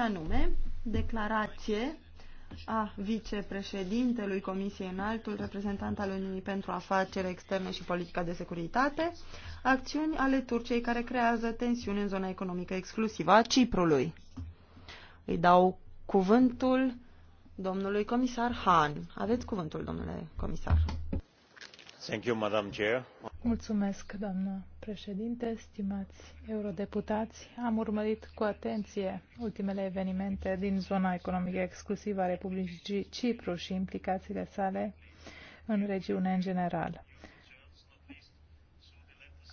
anume declarație a vicepreședintelui Comisiei Înaltul, reprezentant al Uniunii pentru Afaceri Externe și Politica de Securitate, acțiuni ale Turciei care creează tensiuni în zona economică exclusivă a Ciprului. Îi dau cuvântul domnului comisar Han. Aveți cuvântul, domnule comisar. Thank you, Madam Chair. Mulțumesc, doamnă președinte, stimați eurodeputați, am urmărit cu atenție ultimele evenimente din zona economică exclusivă a Republicii Cipru și implicațiile sale în regiune în general.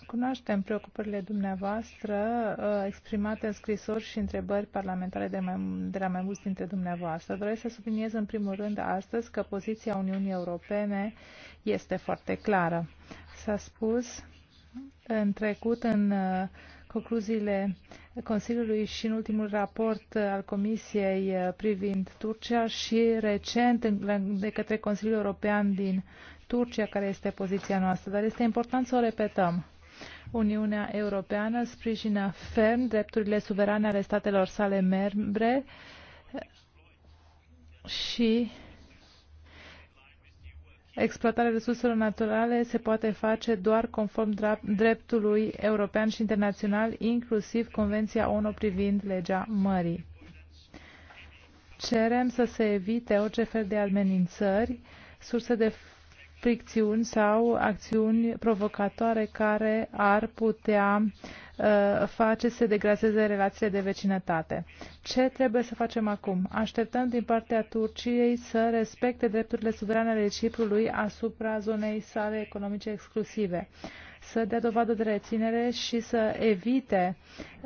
Cunoaștem preocupările dumneavoastră uh, exprimate în scrisori și întrebări parlamentare de, mai, de la mai mulți dintre dumneavoastră. Doresc să subliniez în primul rând astăzi că poziția Uniunii Europene este foarte clară. S-a spus în trecut în uh, concluziile Consiliului și în ultimul raport uh, al Comisiei uh, privind Turcia și recent de către Consiliul European din Turcia, care este poziția noastră. Dar este important să o repetăm. Uniunea Europeană sprijină ferm drepturile suverane ale statelor sale membre și exploatarea resurselor naturale se poate face doar conform dreptului european și internațional, inclusiv Convenția ONU privind legea mării. Cerem să se evite orice fel de amenințări, surse de fricțiuni sau acțiuni provocatoare care ar putea uh, face să degraseze relațiile de vecinătate. Ce trebuie să facem acum? Așteptăm din partea Turciei să respecte drepturile suverane ale Ciprului asupra zonei sale economice exclusive să dea dovadă de reținere și să evite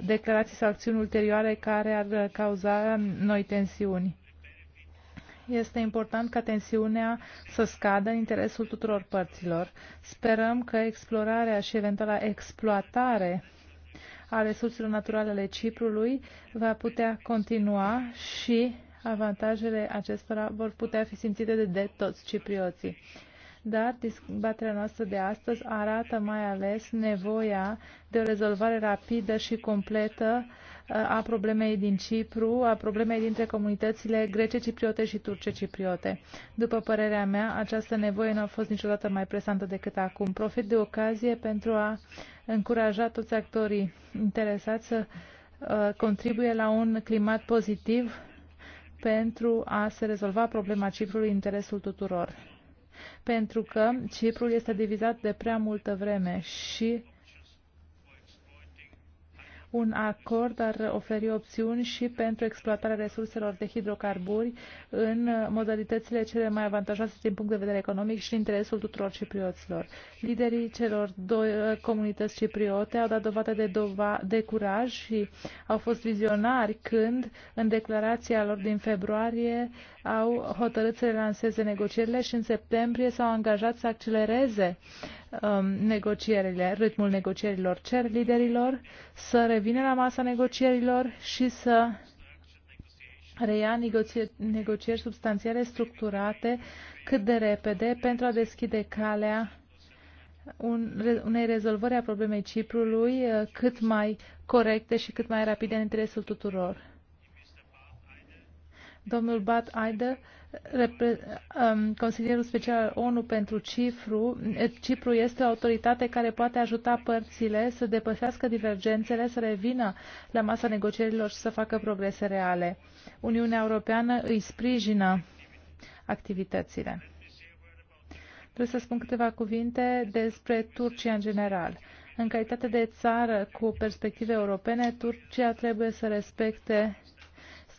declarații sau acțiuni ulterioare care ar cauza noi tensiuni este important ca tensiunea să scadă în interesul tuturor părților. Sperăm că explorarea și eventuala exploatare a resurselor naturale ale Ciprului va putea continua și avantajele acestora vor putea fi simțite de, de toți ciprioții. Dar dezbaterea noastră de astăzi arată mai ales nevoia de o rezolvare rapidă și completă uh, a problemei din Cipru, a problemei dintre comunitățile grece cipriote și turce cipriote. După părerea mea, această nevoie nu a fost niciodată mai presantă decât acum. Profit de ocazie pentru a încuraja toți actorii interesați să uh, contribuie la un climat pozitiv pentru a se rezolva problema Ciprului în interesul tuturor. Pentru că Ciprul este divizat de prea multă vreme și un acord ar oferi opțiuni și pentru exploatarea resurselor de hidrocarburi în modalitățile cele mai avantajoase din punct de vedere economic și interesul tuturor ciprioților. Liderii celor două uh, comunități cipriote au dat dovadă de, dova, de curaj și au fost vizionari când, în declarația lor din februarie, au hotărât să relanseze negocierile și în septembrie s-au angajat să accelereze Um, negocierile, ritmul negocierilor, cer liderilor să revină la masa negocierilor și să reia negocieri, negocieri substanțiale structurate cât de repede pentru a deschide calea un, unei rezolvări a problemei Ciprului uh, cât mai corecte și cât mai rapide în interesul tuturor. Domnul Bat Aide Consilierul Special ONU pentru Cipru. Cipru este o autoritate care poate ajuta părțile să depășească divergențele, să revină la masa negocierilor și să facă progrese reale. Uniunea Europeană îi sprijină activitățile. Trebuie să spun câteva cuvinte despre Turcia în general. În calitate de țară cu perspective europene, Turcia trebuie să respecte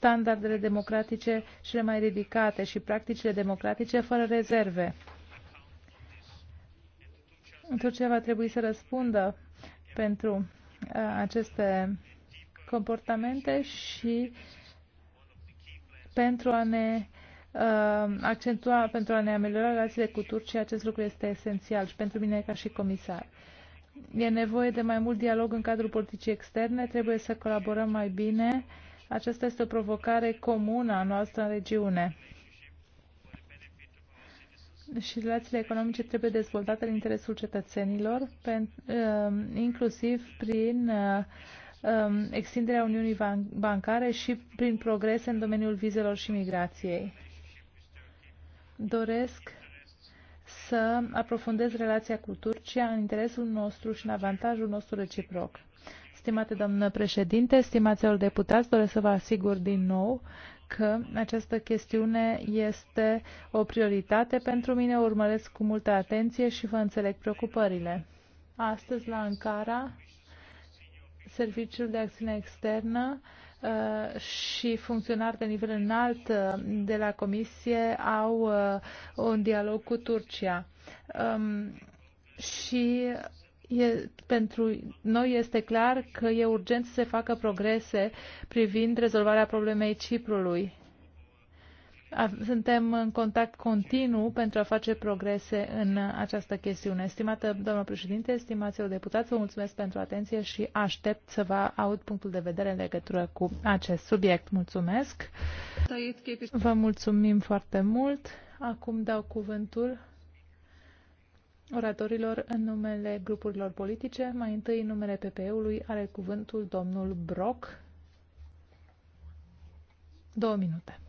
standardele democratice cele mai ridicate și practicile democratice fără rezerve. Turcia va trebui să răspundă pentru uh, aceste comportamente și pentru a ne uh, accentua, pentru a ne ameliora relațiile cu Turcia, acest lucru este esențial și pentru mine ca și comisar. E nevoie de mai mult dialog în cadrul politicii externe, trebuie să colaborăm mai bine uh, aceasta este o provocare comună a noastră în regiune. Și relațiile economice trebuie dezvoltate în interesul cetățenilor, uh, inclusiv prin uh, um, extinderea Uniunii Bancare și prin progrese în domeniul vizelor și migrației. Doresc să aprofundez relația cu Turcia în interesul nostru și în avantajul nostru reciproc. Stimate doamnă președinte, stimați deputați, doresc să vă asigur din nou că această chestiune este o prioritate pentru mine, urmăresc cu multă atenție și vă înțeleg preocupările. Astăzi, la Ankara, Serviciul de Acțiune Externă uh, și funcționari de nivel înalt uh, de la Comisie au uh, un dialog cu Turcia. Um, și E, pentru noi este clar că e urgent să se facă progrese privind rezolvarea problemei Ciprului. Suntem în contact continuu pentru a face progrese în această chestiune. Stimată doamnă președinte, stimați deputați, vă mulțumesc pentru atenție și aștept să vă aud punctul de vedere în legătură cu acest subiect. Mulțumesc! Vă mulțumim foarte mult! Acum dau cuvântul oratorilor în numele grupurilor politice. Mai întâi, în numele PPE-ului, are cuvântul domnul Brock. Două minute.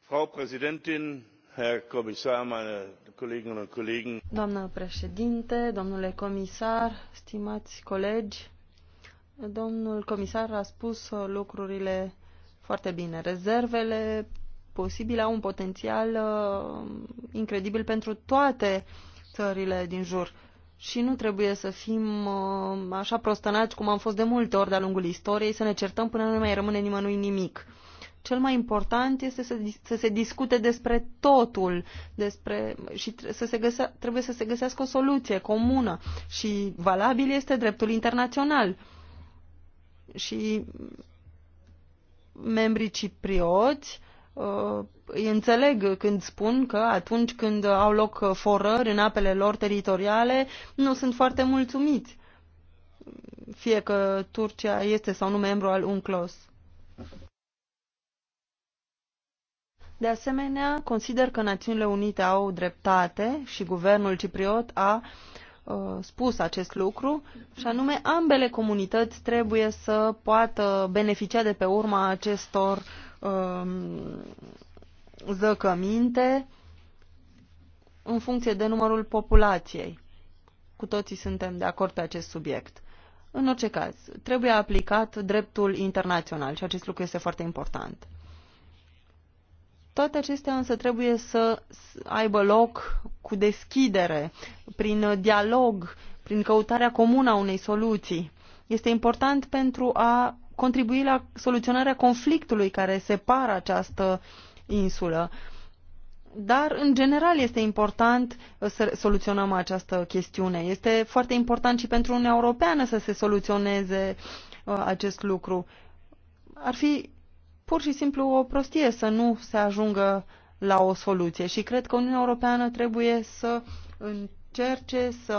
Frau Präsidentin, Herr Kommissar, meine Kolleginnen und Kollegen. Doamnă președinte, domnule comisar, stimați colegi, domnul comisar a spus lucrurile foarte bine. Rezervele posibile au un potențial uh, incredibil pentru toate țările din jur. Și nu trebuie să fim uh, așa prostănați cum am fost de multe ori de-a lungul istoriei, să ne certăm până nu mai rămâne nimănui nimic. Cel mai important este să, să se discute despre totul despre, și să se găsea, trebuie să se găsească o soluție comună și valabil este dreptul internațional. Și membrii ciprioți îi uh, înțeleg când spun că atunci când au loc forări în apele lor teritoriale, nu sunt foarte mulțumiți, fie că Turcia este sau nu membru al UNCLOS. De asemenea, consider că Națiunile Unite au dreptate și guvernul cipriot a uh, spus acest lucru, și anume ambele comunități trebuie să poată beneficia de pe urma acestor uh, Um, zăcăminte în funcție de numărul populației. Cu toții suntem de acord pe acest subiect. În orice caz, trebuie aplicat dreptul internațional și acest lucru este foarte important. Toate acestea însă trebuie să aibă loc cu deschidere, prin dialog, prin căutarea comună a unei soluții. Este important pentru a contribui la soluționarea conflictului care separă această insulă. Dar, în general, este important uh, să soluționăm această chestiune. Este foarte important și pentru Uniunea Europeană să se soluționeze uh, acest lucru. Ar fi pur și simplu o prostie să nu se ajungă la o soluție și cred că Uniunea Europeană trebuie să încerce să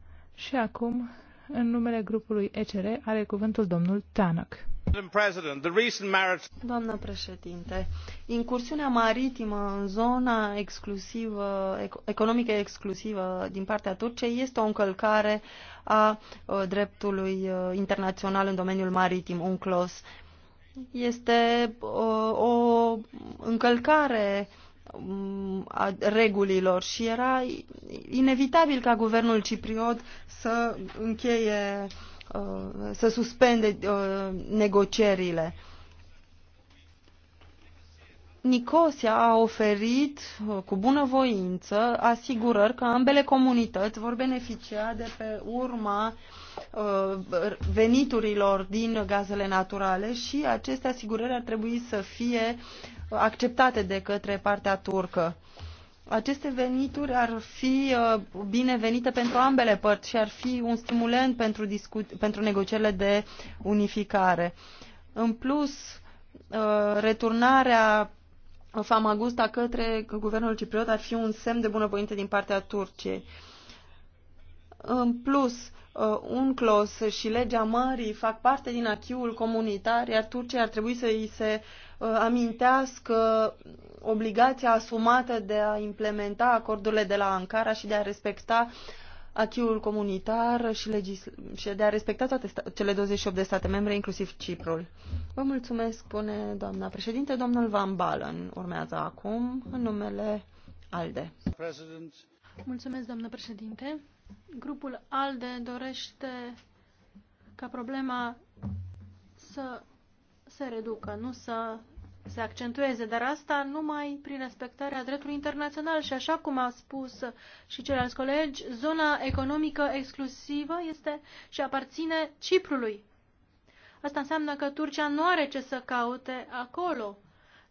Și acum, în numele grupului ECR, are cuvântul domnul Tanak. Doamnă președinte, incursiunea maritimă în zona exclusivă, economică exclusivă din partea Turciei este o încălcare a uh, dreptului uh, internațional în domeniul maritim, Un clos. Este uh, o încălcare Mm, a regulilor și era inevitabil ca guvernul cipriot să încheie, uh, să suspende uh, negocierile. Nicosia a oferit uh, cu bunăvoință asigurări că ambele comunități vor beneficia de pe urma uh, Uh, veniturilor din gazele naturale și aceste asigurări ar trebui să fie acceptate de către partea turcă. Aceste venituri ar fi uh, binevenite pentru ambele părți și ar fi un stimulent pentru, pentru negocierile de unificare. În plus, uh, returnarea Famagusta către guvernul cipriot ar fi un semn de bunăvoință din partea Turciei. În plus, Uh, UNCLOS și legea mării fac parte din achiul comunitar, iar Turcia ar trebui să îi se uh, amintească obligația asumată de a implementa acordurile de la Ankara și de a respecta achiul comunitar și, și de a respecta toate cele 28 de state membre, inclusiv Ciprul. Vă mulțumesc, spune doamna președinte. Domnul Van Balen urmează acum în numele ALDE. President. Mulțumesc, doamnă președinte. Grupul ALDE dorește ca problema să se reducă, nu să se accentueze, dar asta numai prin respectarea dreptului internațional și așa cum a spus și ceilalți colegi, zona economică exclusivă este și aparține Ciprului. Asta înseamnă că Turcia nu are ce să caute acolo.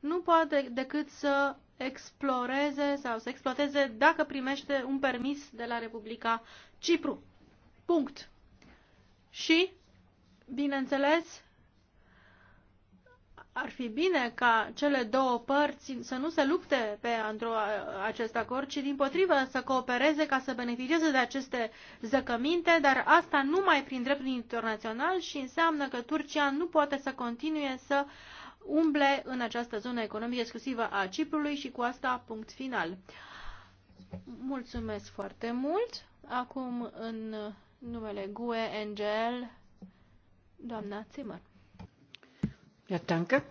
Nu poate decât să exploreze sau să exploateze dacă primește un permis de la Republica Cipru. Punct. Și, bineînțeles, ar fi bine ca cele două părți să nu se lupte pe acest acord, ci din potrivă să coopereze ca să beneficieze de aceste zăcăminte, dar asta numai prin dreptul internațional și înseamnă că Turcia nu poate să continue să uh, umble în această zonă economică exclusivă a Ciprului și cu asta punct final. Mulțumesc foarte mult. Acum în numele GUE NGL, doamna Zimmer. Ja, danke.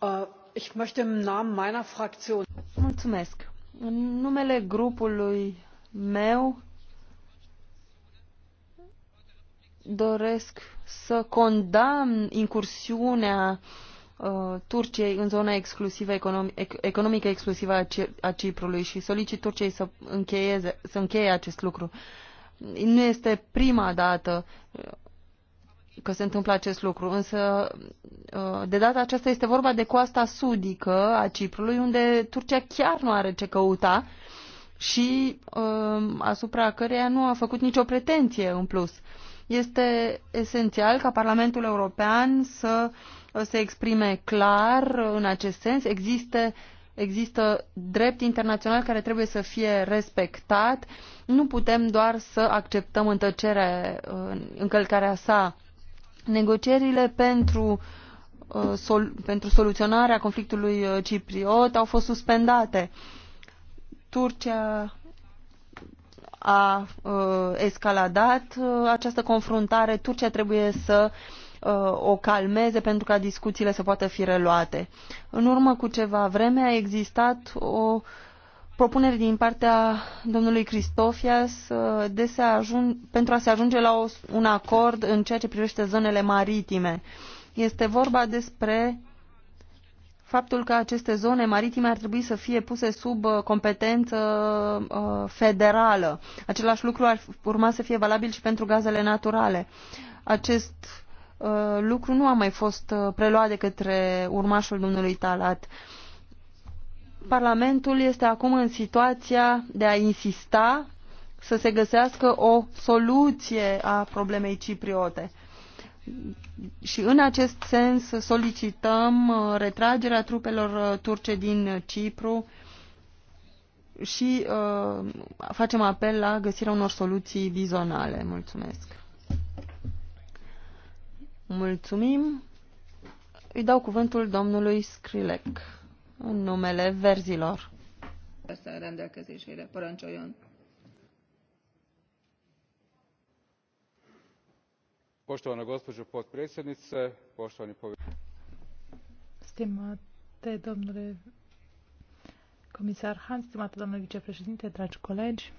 Uh, ich möchte im Namen meiner Fraktion. Mulțumesc. În numele grupului meu doresc să condamn incursiunea Uh, Turciei în zona exclusivă economică exclusivă a Ciprului și solicit Turciei să, încheieze, să încheie acest lucru. Nu este prima dată uh, că se întâmplă acest lucru, însă uh, de data aceasta este vorba de coasta sudică a Ciprului, unde Turcia chiar nu are ce căuta și asupra căreia nu a făcut nicio pretenție în plus. Este esențial ca Parlamentul European să uh, se exprime clar în acest sens. există există drept internațional care trebuie să fie respectat. Nu putem doar să acceptăm în tăcere încălcarea sa. Negocierile pentru, uh, sol, pentru soluționarea conflictului uh, cipriot au fost suspendate. Turcia a uh, escaladat uh, această confruntare. Turcia trebuie să Uh, o calmeze pentru ca discuțiile să poată fi reluate. În urmă cu ceva vreme a existat o propunere din partea domnului Cristofias uh, de se ajun, pentru a se ajunge la o, un acord în ceea ce privește zonele maritime. Este vorba despre faptul că aceste zone maritime ar trebui să fie puse sub uh, competență federală. Același lucru ar urma să fie valabil și pentru gazele naturale. Acest Uh, lucru nu a mai fost uh, preluat de către urmașul domnului Talat. Parlamentul este acum în situația de a insista să se găsească o soluție a problemei cipriote. Și în acest sens solicităm uh, retragerea trupelor turce din Cipru și uh, facem apel la găsirea unor soluții bizonale. Mulțumesc. Mulțumim. Îi dau cuvântul domnului Scrilec în numele verzilor. Persze rendelkezésére parancsoljon. Poštovana gospođo potpredsjednice, poštovani Stimate domnule comisar Hans, stimate domnule vicepreședinte, dragi colegi,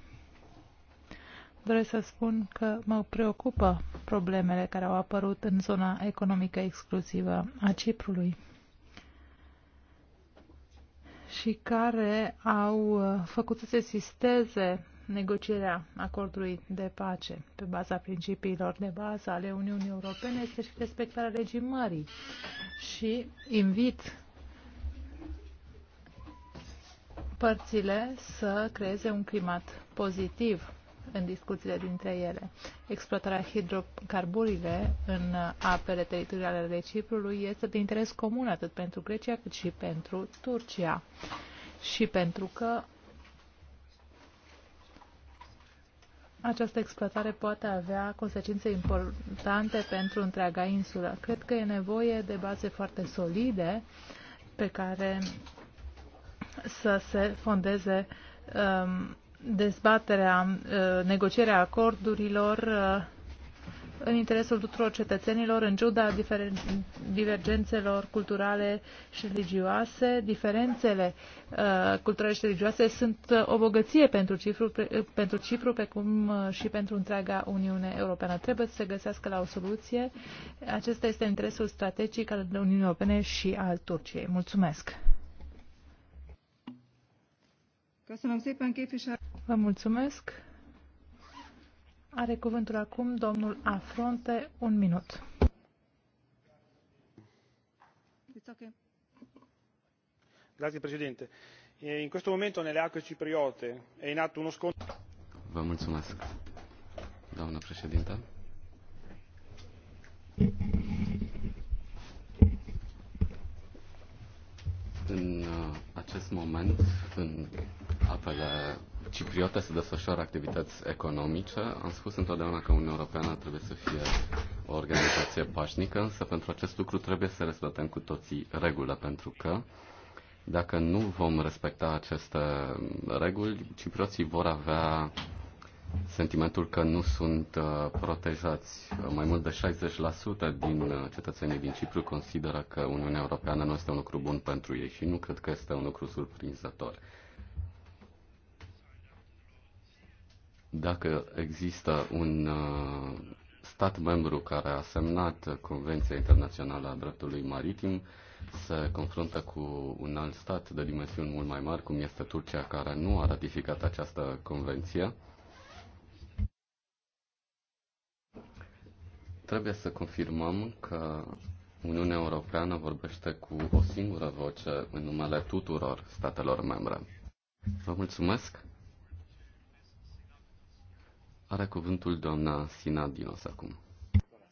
doresc să spun că mă preocupă problemele care au apărut în zona economică exclusivă a Ciprului și care au uh, făcut să se sisteze negocierea acordului de pace pe baza principiilor de bază ale Uniunii Europene este și respectarea legii mării. Și invit părțile să creeze un climat pozitiv în discuțiile dintre ele. Exploatarea hidrocarburile în apele teritoriale ale Ciprului este de interes comun atât pentru Grecia cât și pentru Turcia. Și pentru că Această exploatare poate avea consecințe importante pentru întreaga insulă. Cred că e nevoie de baze foarte solide pe care să se fondeze um, dezbaterea, uh, negocierea acordurilor uh, în interesul tuturor cetățenilor, în ciuda divergențelor culturale și religioase. Diferențele uh, culturale și religioase sunt o bogăție pentru Cipru, pentru Cipru, precum și pentru întreaga Uniune Europeană. Trebuie să se găsească la o soluție. Acesta este interesul strategic al Uniunii Europene și al Turciei. Mulțumesc! Vă mulțumesc. Are cuvântul acum domnul Afronte, un minut. Okay. Grazie Presidente. In questo momento nelle acque cipriote e în atto un scontro. Vă mulțumesc, doamnă președinte. În uh, acest moment, în apele cipriote se desfășoară activități economice. Am spus întotdeauna că Uniunea Europeană trebuie să fie o organizație pașnică, însă pentru acest lucru trebuie să respectăm cu toții regulile, pentru că dacă nu vom respecta aceste reguli, ciprioții vor avea sentimentul că nu sunt uh, protejați. Mai mult de 60% din uh, cetățenii din Cipru consideră că Uniunea Europeană nu este un lucru bun pentru ei și nu cred că este un lucru surprinzător. Dacă există un uh, stat membru care a semnat Convenția Internațională a Dreptului Maritim, se confruntă cu un alt stat de dimensiuni mult mai mari, cum este Turcia, care nu a ratificat această convenție. Trebuie să confirmăm că Uniunea Europeană vorbește cu o singură voce în numele tuturor statelor membre. Vă mulțumesc! Are cuvântul doamna Sina Dinos acum.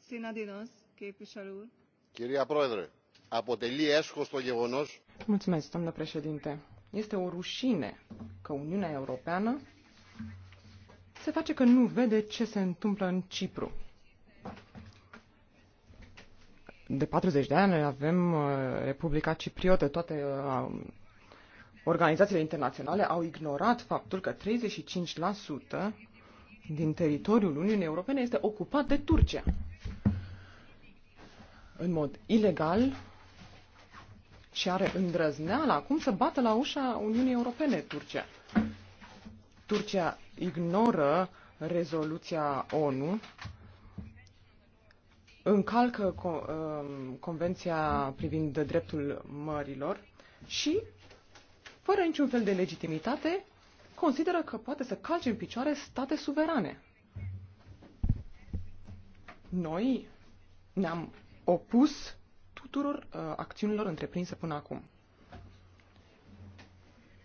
Sina Dinos, képviselő Chiria Proedre, apoteli eschos to gevonos. Mulțumesc, domnule președinte. Este o rușine că Uniunea Europeană se face că nu vede ce se întâmplă în Cipru. De 40 de ani avem uh, Republica Cipriotă, toate uh, organizațiile internaționale au ignorat faptul că 35% din teritoriul Uniunii Europene este ocupat de Turcia. În mod ilegal și are îndrăzneala acum să bată la ușa Uniunii Europene Turcia. Turcia ignoră rezoluția ONU, încalcă um, convenția privind dreptul mărilor și, fără niciun fel de legitimitate, consideră că poate să calce în picioare state suverane. Noi ne-am opus tuturor uh, acțiunilor întreprinse până acum.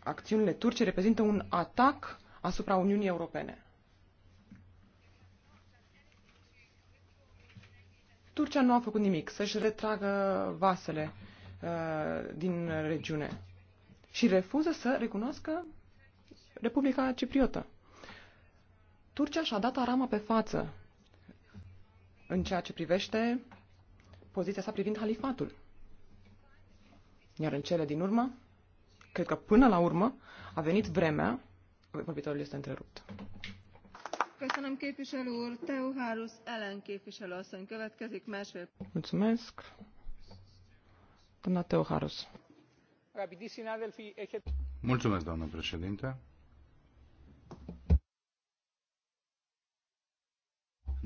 Acțiunile turce reprezintă un atac asupra Uniunii Europene. Turcia nu a făcut nimic să-și retragă vasele uh, din regiune și refuză să recunoască Republica Cipriotă. Turcia și-a dat arama pe față în ceea ce privește poziția sa privind halifatul. Iar în cele din urmă, cred că până la urmă, a venit vremea, vorbitorul este întrerupt. Köszönöm képviselő úr, Teuhárusz Ellen képviselő asszony következik másfél. Mulțumesc. Doamna Teuhárusz. Mulțumesc, doamnă președinte.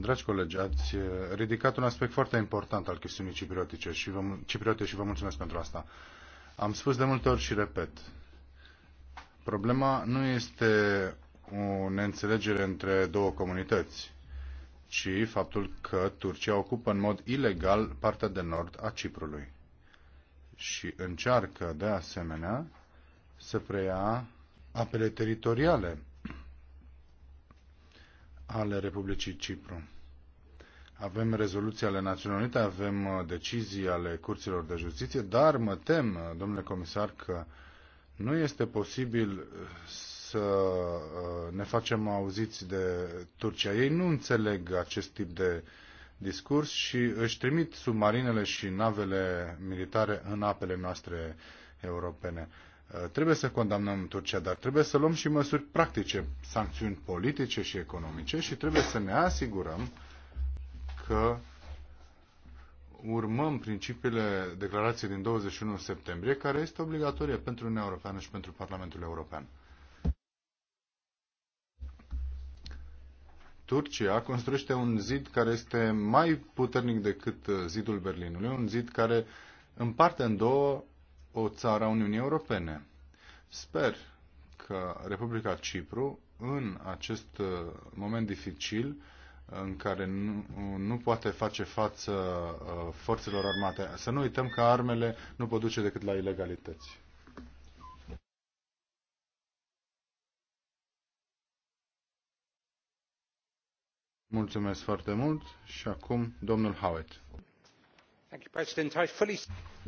Dragi colegi, ați eh, ridicat un aspect foarte important al chestiunii cipriotice și vă, cipriote și vă mulțumesc pentru asta. Am spus de multe ori și repet. Problema nu este o neînțelegere între două comunități, ci faptul că Turcia ocupă în mod ilegal partea de nord a Ciprului și încearcă de asemenea să preia apele teritoriale ale Republicii Cipru. Avem rezoluții ale Națiunilor Unite, avem uh, decizii ale curților de justiție, dar mă tem, uh, domnule comisar, că nu este posibil uh, să ne facem auziți de Turcia. Ei nu înțeleg acest tip de discurs și își trimit submarinele și navele militare în apele noastre europene. Trebuie să condamnăm Turcia, dar trebuie să luăm și măsuri practice, sancțiuni politice și economice și trebuie să ne asigurăm că urmăm principiile declarației din 21 septembrie, care este obligatorie pentru Uniunea Europeană și pentru Parlamentul European. Turcia construiește un zid care este mai puternic decât zidul Berlinului, un zid care împarte în două o țară a Uniunii Europene. Sper că Republica Cipru, în acest moment dificil, în care nu, nu poate face față uh, forțelor armate. Să nu uităm că armele nu pot duce decât la ilegalități. Mulțumesc foarte mult și acum domnul Howitt.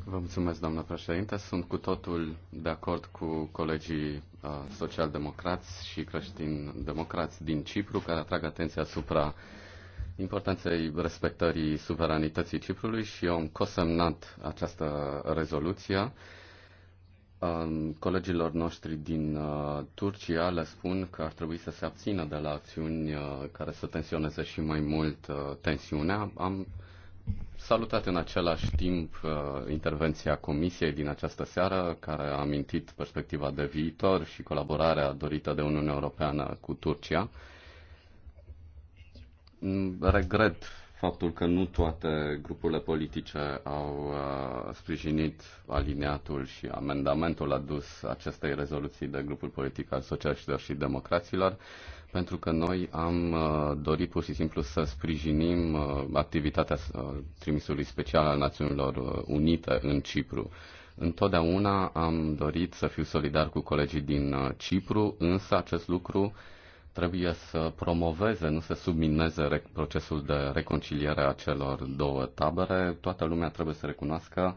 Vă mulțumesc, doamnă președinte. Sunt cu totul de acord cu colegii uh, socialdemocrați și creștin-democrați din Cipru, care atrag atenția asupra importanței respectării suveranității Ciprului și eu am cosemnat această rezoluție. Um, colegilor noștri din uh, Turcia le spun că ar trebui să se abțină de la acțiuni uh, care să tensioneze și mai mult uh, tensiunea. Am salutat în același timp uh, intervenția Comisiei din această seară, care a amintit perspectiva de viitor și colaborarea dorită de Uniunea Europeană cu Turcia. Regret faptul că nu toate grupurile politice au uh, sprijinit alineatul și amendamentul adus acestei rezoluții de grupul politic al socialiștilor și democraților, pentru că noi am uh, dorit pur și simplu să sprijinim uh, activitatea trimisului special al Națiunilor Unite în Cipru. Întotdeauna am dorit să fiu solidar cu colegii din Cipru, însă acest lucru trebuie să promoveze, nu să submineze procesul de reconciliere a celor două tabere. Toată lumea trebuie să recunoască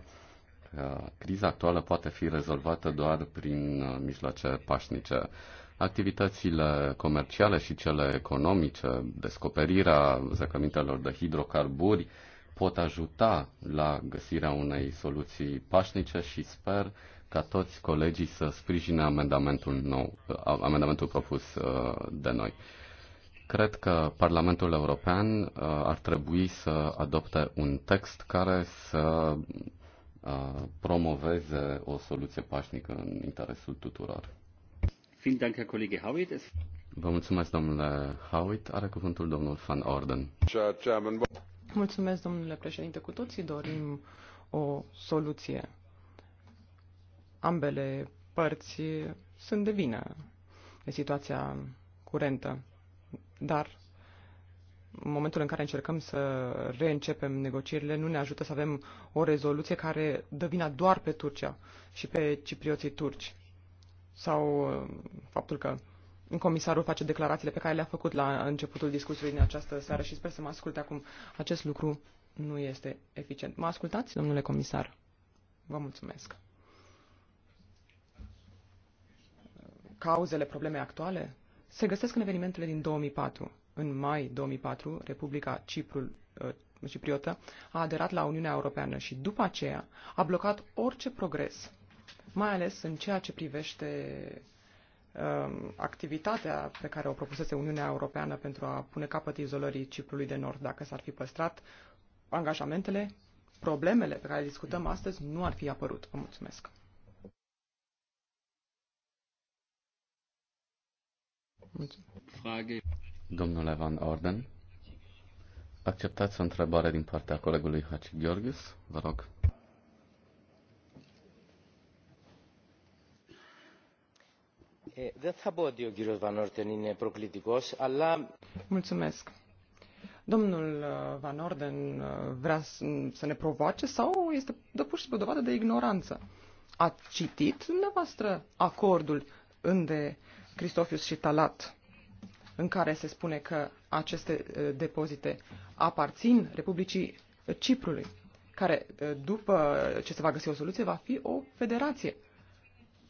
că criza actuală poate fi rezolvată doar prin uh, mijloace pașnice. Activitățile comerciale și cele economice, descoperirea zăcămintelor de hidrocarburi, pot ajuta la găsirea unei soluții pașnice și sper ca toți colegii să sprijine amendamentul, nou, uh, amendamentul propus uh, de noi. Cred că Parlamentul European uh, ar trebui să adopte un text care să promoveze o soluție pașnică în interesul tuturor. Vă mulțumesc, domnule Howitt. Are cuvântul domnul Van Orden. Mulțumesc, domnule președinte. Cu toții dorim o soluție ambele părți sunt de vină de situația curentă, dar în momentul în care încercăm să reîncepem negocierile, nu ne ajută să avem o rezoluție care dă vina doar pe Turcia și pe ciprioții turci. Sau uh, faptul că comisarul face declarațiile pe care le-a făcut la începutul discursului din această seară și sper să mă asculte acum. Acest lucru nu este eficient. Mă ascultați, domnule comisar? Vă mulțumesc. cauzele problemei actuale se găsesc în evenimentele din 2004. În mai 2004, Republica Ciprul, uh, Cipriotă a aderat la Uniunea Europeană și după aceea a blocat orice progres, mai ales în ceea ce privește um, activitatea pe care o propusese Uniunea Europeană pentru a pune capăt izolării Ciprului de Nord, dacă s-ar fi păstrat angajamentele, problemele pe care le discutăm astăzi nu ar fi apărut. Vă mulțumesc! Mulțumesc. Domnule Van Orden, acceptați o întrebare din partea colegului Haci Gheorghis, vă rog. Eh, Mulțumesc. Domnul uh, Van Orden uh, vrea să ne provoace sau este de pur și simplu dovadă de ignoranță? A citit dumneavoastră acordul unde Cristofius și Talat, în care se spune că aceste uh, depozite aparțin Republicii Ciprului, care uh, după ce se va găsi o soluție va fi o federație.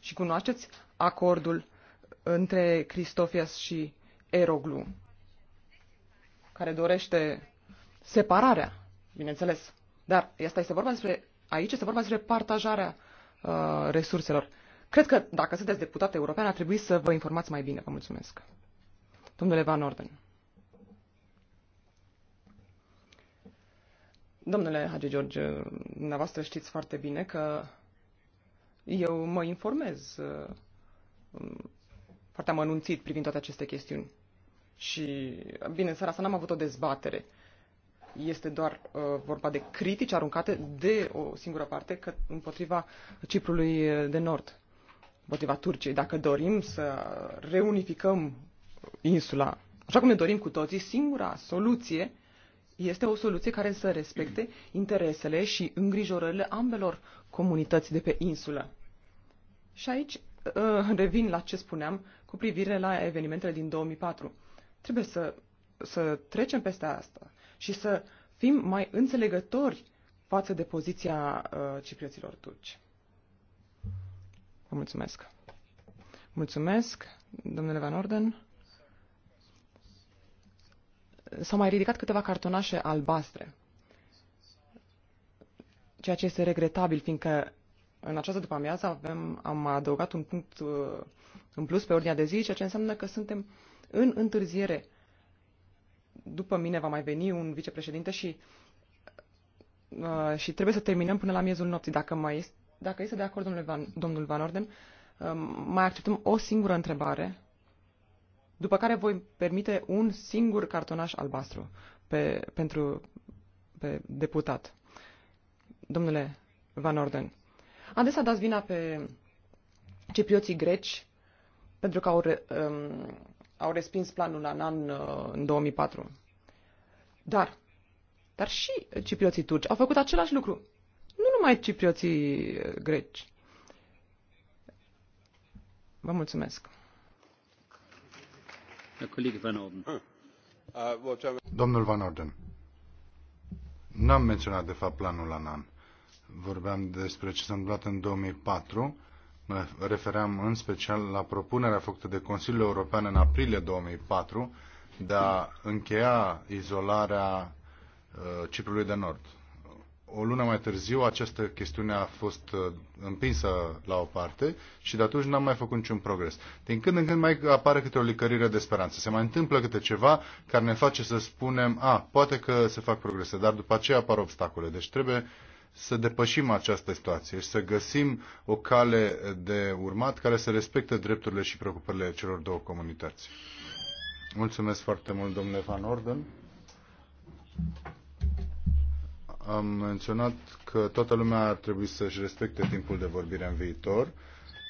Și cunoașteți acordul între Cristofias și Eroglu, care dorește separarea, bineînțeles. Dar asta este vorba despre, aici este vorba despre partajarea uh, resurselor. Cred că dacă sunteți deputat european, ar trebui să vă informați mai bine. Vă mulțumesc. Domnule Van Orden. Domnule Hage George, dumneavoastră știți foarte bine că eu mă informez uh, foarte amănunțit privind toate aceste chestiuni. Și, bine, în seara asta n-am avut o dezbatere. Este doar uh, vorba de critici aruncate de o singură parte că, împotriva Ciprului de Nord împotriva Turciei. Dacă dorim să reunificăm insula, așa cum ne dorim cu toții, singura soluție este o soluție care să respecte interesele și îngrijorările ambelor comunități de pe insulă. Și aici uh, revin la ce spuneam cu privire la evenimentele din 2004. Trebuie să, să trecem peste asta și să fim mai înțelegători față de poziția uh, ciprioților turci. Vă mulțumesc. Mulțumesc, domnule Van Orden. S-au mai ridicat câteva cartonașe albastre, ceea ce este regretabil, fiindcă în această după amiază avem, am adăugat un punct uh, în plus pe ordinea de zi, ceea ce înseamnă că suntem în întârziere. După mine va mai veni un vicepreședinte și, uh, și trebuie să terminăm până la miezul nopții. Dacă mai este dacă este de acord, domnule Van, domnul Van Orden, um, mai acceptăm o singură întrebare, după care voi permite un singur cartonaș albastru pe, pentru pe deputat. Domnule Van Orden, adesea dați vina pe ciprioții greci pentru că au, re, um, au respins planul ANAN uh, în 2004. Dar, dar și ciprioții turci au făcut același lucru numai ciprioții eh, greci. Vă mulțumesc. Hm. Ah, Domnul Van Orden, n-am menționat de fapt planul ANAN. Vorbeam despre ce s-a întâmplat în 2004. Mă refeream în special la propunerea făcută de Consiliul European în aprilie 2004 de a încheia izolarea eh, Ciprului de Nord o lună mai târziu această chestiune a fost uh, împinsă la o parte și de atunci n-am mai făcut niciun progres. Din când în când mai apare câte o licărire de speranță. Se mai întâmplă câte ceva care ne face să spunem, a, poate că se fac progrese, dar după aceea apar obstacole. Deci trebuie să depășim această situație și să găsim o cale de urmat care să respecte drepturile și preocupările celor două comunități. Mulțumesc foarte mult, domnule Van Orden. Am menționat că toată lumea ar trebui să-și respecte timpul de vorbire în viitor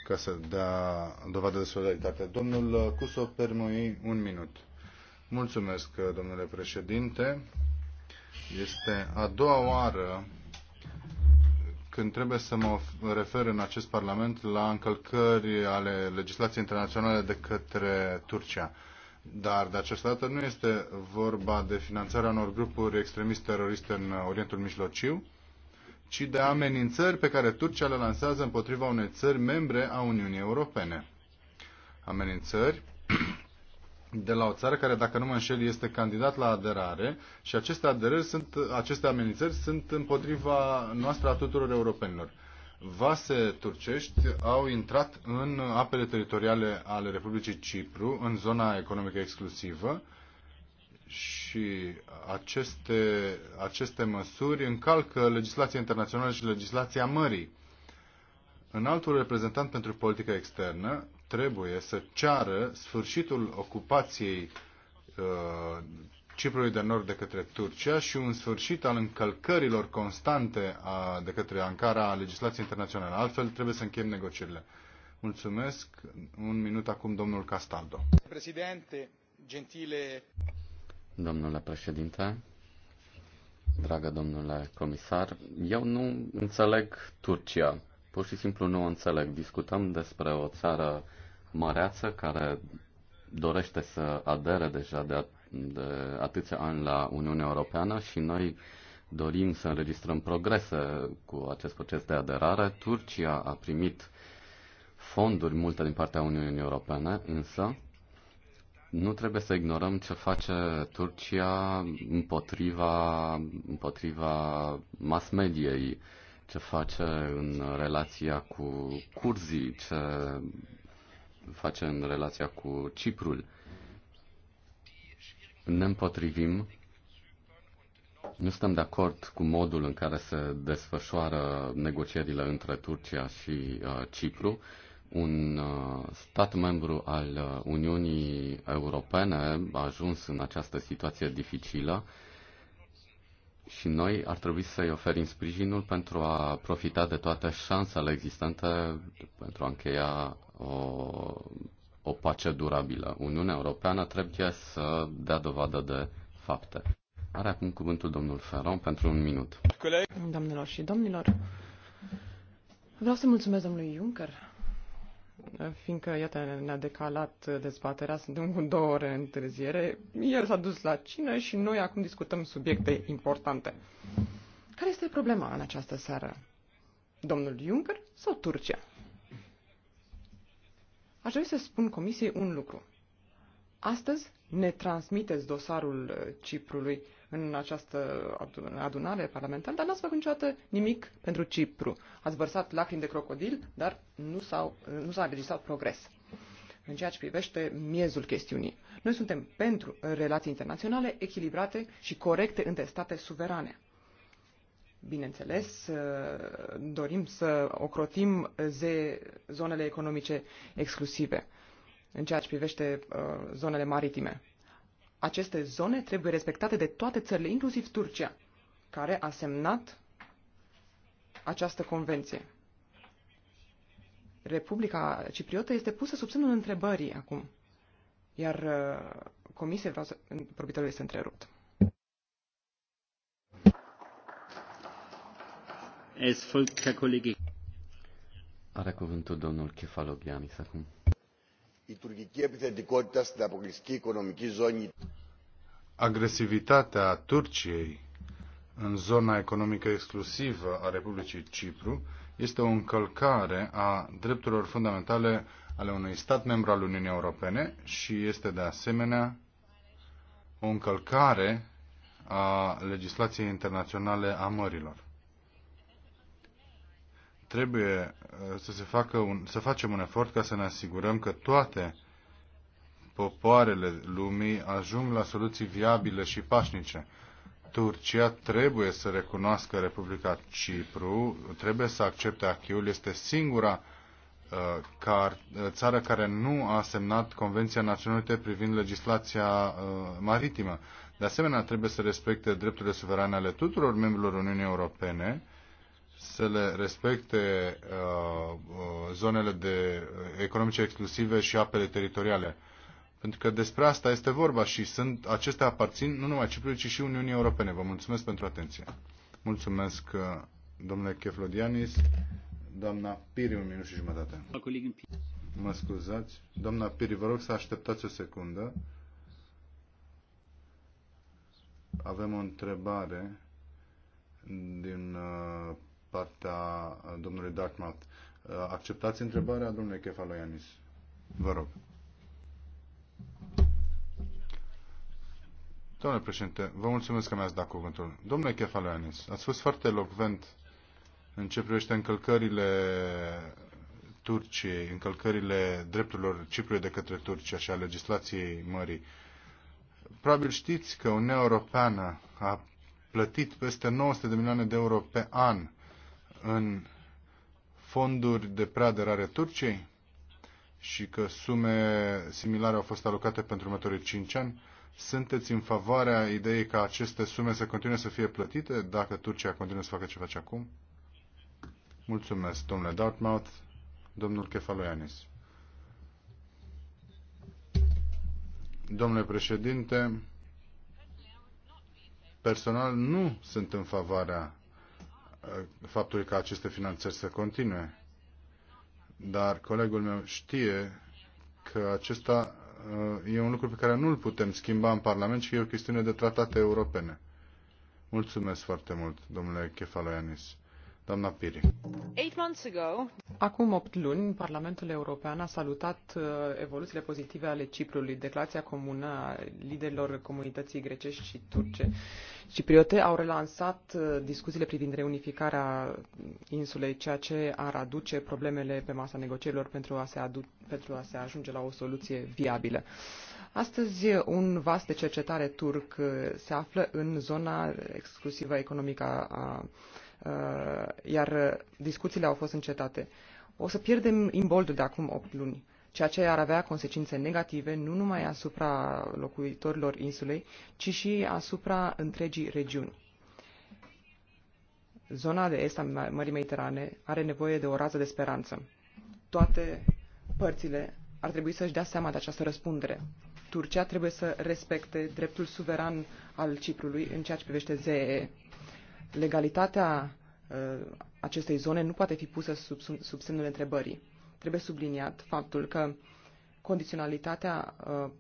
ca să dea dovadă de solidaritate. Domnul Cuso Permoi, un minut. Mulțumesc, domnule președinte. Este a doua oară când trebuie să mă refer în acest Parlament la încălcări ale legislației internaționale de către Turcia. Dar de această dată nu este vorba de finanțarea unor grupuri extremiste teroriste în Orientul Mijlociu, ci de amenințări pe care Turcia le lansează împotriva unei țări membre a Uniunii Europene. Amenințări de la o țară care, dacă nu mă înșel, este candidat la aderare și aceste aderări sunt, aceste amenințări sunt împotriva noastră a tuturor europenilor vase turcești au intrat în apele teritoriale ale Republicii Cipru, în zona economică exclusivă, și aceste, aceste măsuri încalcă legislația internațională și legislația mării. În altul reprezentant pentru politică externă trebuie să ceară sfârșitul ocupației uh, Ciprului de Nord de către Turcia și un sfârșit al încălcărilor constante a, de către Ankara a legislației internaționale. Altfel trebuie să încheiem negocierile. Mulțumesc. Un minut acum domnul Castaldo. Președinte, gentile... Domnule președinte, dragă domnule comisar, eu nu înțeleg Turcia. Pur și simplu nu o înțeleg. Discutăm despre o țară măreață care dorește să adere deja de de atâția ani la Uniunea Europeană și noi dorim să înregistrăm progrese cu acest proces de aderare. Turcia a primit fonduri multe din partea Uniunii Europene, însă nu trebuie să ignorăm ce face Turcia împotriva, împotriva mass mediei, ce face în relația cu curzii, ce face în relația cu Ciprul ne împotrivim, nu suntem de acord cu modul în care se desfășoară negocierile între Turcia și uh, Cipru. Un uh, stat membru al uh, Uniunii Europene a ajuns în această situație dificilă și noi ar trebui să-i oferim sprijinul pentru a profita de toate șansele existente pentru a încheia o o pace durabilă. Uniunea Europeană trebuie să dea dovadă de fapte. Are acum cuvântul domnul Ferron pentru un minut. Doamnelor și domnilor, vreau să mulțumesc domnului Juncker, fiindcă, iată, ne-a decalat dezbaterea, suntem cu două ore întârziere, el s-a dus la cină și noi acum discutăm subiecte importante. Care este problema în această seară? Domnul Juncker sau Turcia? Aș dori să spun comisiei un lucru. Astăzi ne transmiteți dosarul uh, Ciprului în această adunare parlamentară, dar n-ați făcut niciodată nimic pentru Cipru. Ați vărsat lacrimi de crocodil, dar nu, s uh, nu s-a înregistrat progres în ceea ce privește miezul chestiunii. Noi suntem pentru relații internaționale echilibrate și corecte între state suverane. Bineînțeles, uh, dorim să ocrotim zonele economice exclusive în ceea ce privește uh, zonele maritime. Aceste zone trebuie respectate de toate țările, inclusiv Turcia, care a semnat această convenție. Republica Cipriotă este pusă sub semnul întrebării acum, iar uh, comisia, vreau să, vorbitorul este întrerupt. Es folgt Herr Kollege. Are cuvântul domnul Kefalogiannis acum. Η τουρκική επιθετικότητα στην αποκλειστική οικονομική ζώνη. Agresivitatea Turciei în zona economică exclusivă a Republicii Cipru este o încălcare a drepturilor fundamentale ale unui stat membru al Uniunii Europene și este de asemenea o încălcare a legislației internaționale a mărilor. Trebuie uh, să, se facă un, să facem un efort ca să ne asigurăm că toate popoarele lumii ajung la soluții viabile și pașnice. Turcia trebuie să recunoască Republica Cipru, trebuie să accepte achiul, este singura uh, car, uh, țară care nu a semnat Convenția Națională privind legislația uh, maritimă. De asemenea, trebuie să respecte drepturile suverane ale tuturor membrilor Uniunii Europene să le respecte uh, uh zonele de uh, economice exclusive și apele teritoriale. Pentru că despre asta este vorba și sunt, acestea aparțin nu numai Ciprului, ci și Uniunii Europene. Vă mulțumesc pentru atenție. Mulțumesc, uh, domnule Cheflodianis. Doamna Piri, un minut și jumătate. Mă scuzați. Doamna Piri, vă rog să așteptați o secundă. Avem o întrebare din partea domnului Dartmouth. Acceptați întrebarea, domnule Kefaloianis? Vă rog. Domnule președinte, vă mulțumesc că mi-ați dat cuvântul. Domnule Kefaloianis, ați fost foarte locvent în ce privește încălcările Turciei, încălcările drepturilor Ciprului de către Turcia și a legislației mării. Probabil știți că Uniunea Europeană a plătit peste 900 de milioane de euro pe an în fonduri de preaderare Turciei și că sume similare au fost alocate pentru următorii 5 ani, sunteți în favoarea ideii ca aceste sume să continue să fie plătite dacă Turcia continuă să facă ce face acum? Mulțumesc, domnule Dartmouth, domnul Kefaloianis. Domnule președinte, personal nu sunt în favoarea Uh, faptul că aceste finanțări să continue. Dar colegul meu știe că acesta uh, e un lucru pe care nu îl putem schimba în Parlament și e o chestiune de tratate europene. Mulțumesc foarte mult, domnule Kefaloianis. Doamna Piri. Acum opt luni, Parlamentul European a salutat uh, evoluțiile pozitive ale Ciprului. Declarația comună a liderilor comunității grecești și turce cipriote au relansat uh, discuțiile privind reunificarea insulei, ceea ce ar aduce problemele pe masa negocierilor pentru a se, adu- pentru a se ajunge la o soluție viabilă. Astăzi, un vas de cercetare turc uh, se află în zona exclusivă economică a Uh, iar uh, discuțiile au fost încetate. O să pierdem imboldul de acum 8 luni, ceea ce ar avea consecințe negative nu numai asupra locuitorilor insulei, ci și asupra întregii regiuni. Zona de est a Mării Mediterane are nevoie de o rază de speranță. Toate părțile ar trebui să-și dea seama de această răspundere. Turcia trebuie să respecte dreptul suveran al Ciprului în ceea ce privește ZEE. Legalitatea ă, acestei zone nu poate fi pusă sub, sub semnul întrebării. Trebuie subliniat faptul că condiționalitatea ă,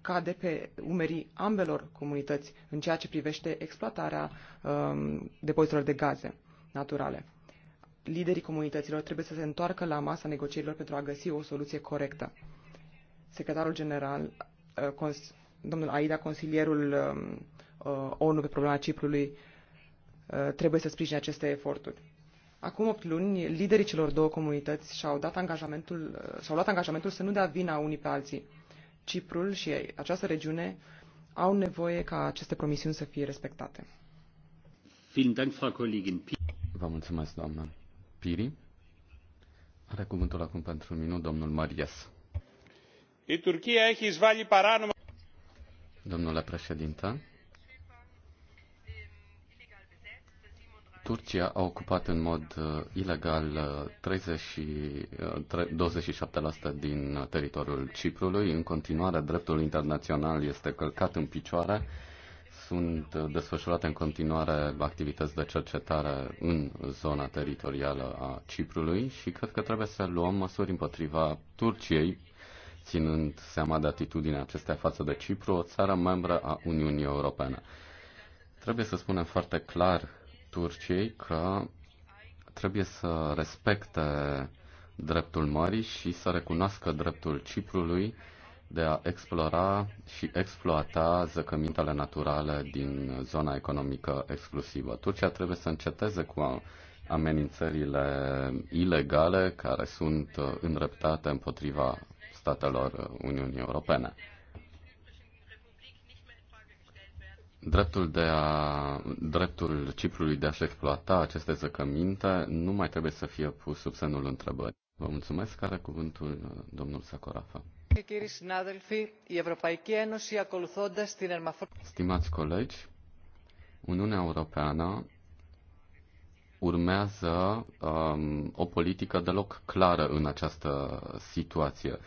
cade pe umerii ambelor comunități în ceea ce privește exploatarea ă, depozitelor de gaze naturale. Liderii comunităților trebuie să se întoarcă la masa negocierilor pentru a găsi o soluție corectă. Secretarul general, domnul Aida, consilierul ONU pe problema Ciprului, Uh, trebuie să sprijine aceste eforturi. Acum 8 luni, liderii celor două comunități și-au, dat angajamentul, uh, și-au luat angajamentul să nu dea vina unii pe alții. Ciprul și această regiune au nevoie ca aceste promisiuni să fie respectate. Vă mulțumesc, doamnă Piri. Are cuvântul acum pentru un minut domnul Marias. Domnule președinte, Turcia a ocupat în mod uh, ilegal 30 uh, și, uh, 27% din uh, teritoriul Ciprului. În continuare, dreptul internațional este călcat în picioare. Sunt uh, desfășurate în continuare activități de cercetare în zona teritorială a Ciprului și cred că trebuie să luăm măsuri împotriva Turciei, ținând seama de atitudinea acestea față de Cipru, o țară membră a Uniunii Europene. Trebuie să spunem foarte clar Turciei că trebuie să respecte dreptul mării și să recunoască dreptul Ciprului de a explora și exploata zăcămintele naturale din zona economică exclusivă. Turcia trebuie să înceteze cu amenințările ilegale care sunt îndreptate împotriva statelor Uniunii Europene. Dreptul, de a, dreptul Ciprului de a-și exploata aceste zăcăminte nu mai trebuie să fie pus sub semnul întrebării. Vă mulțumesc. care cuvântul uh, domnul Sacorafa. Stimați colegi, Uniunea Europeană urmează um, o politică deloc clară în această situație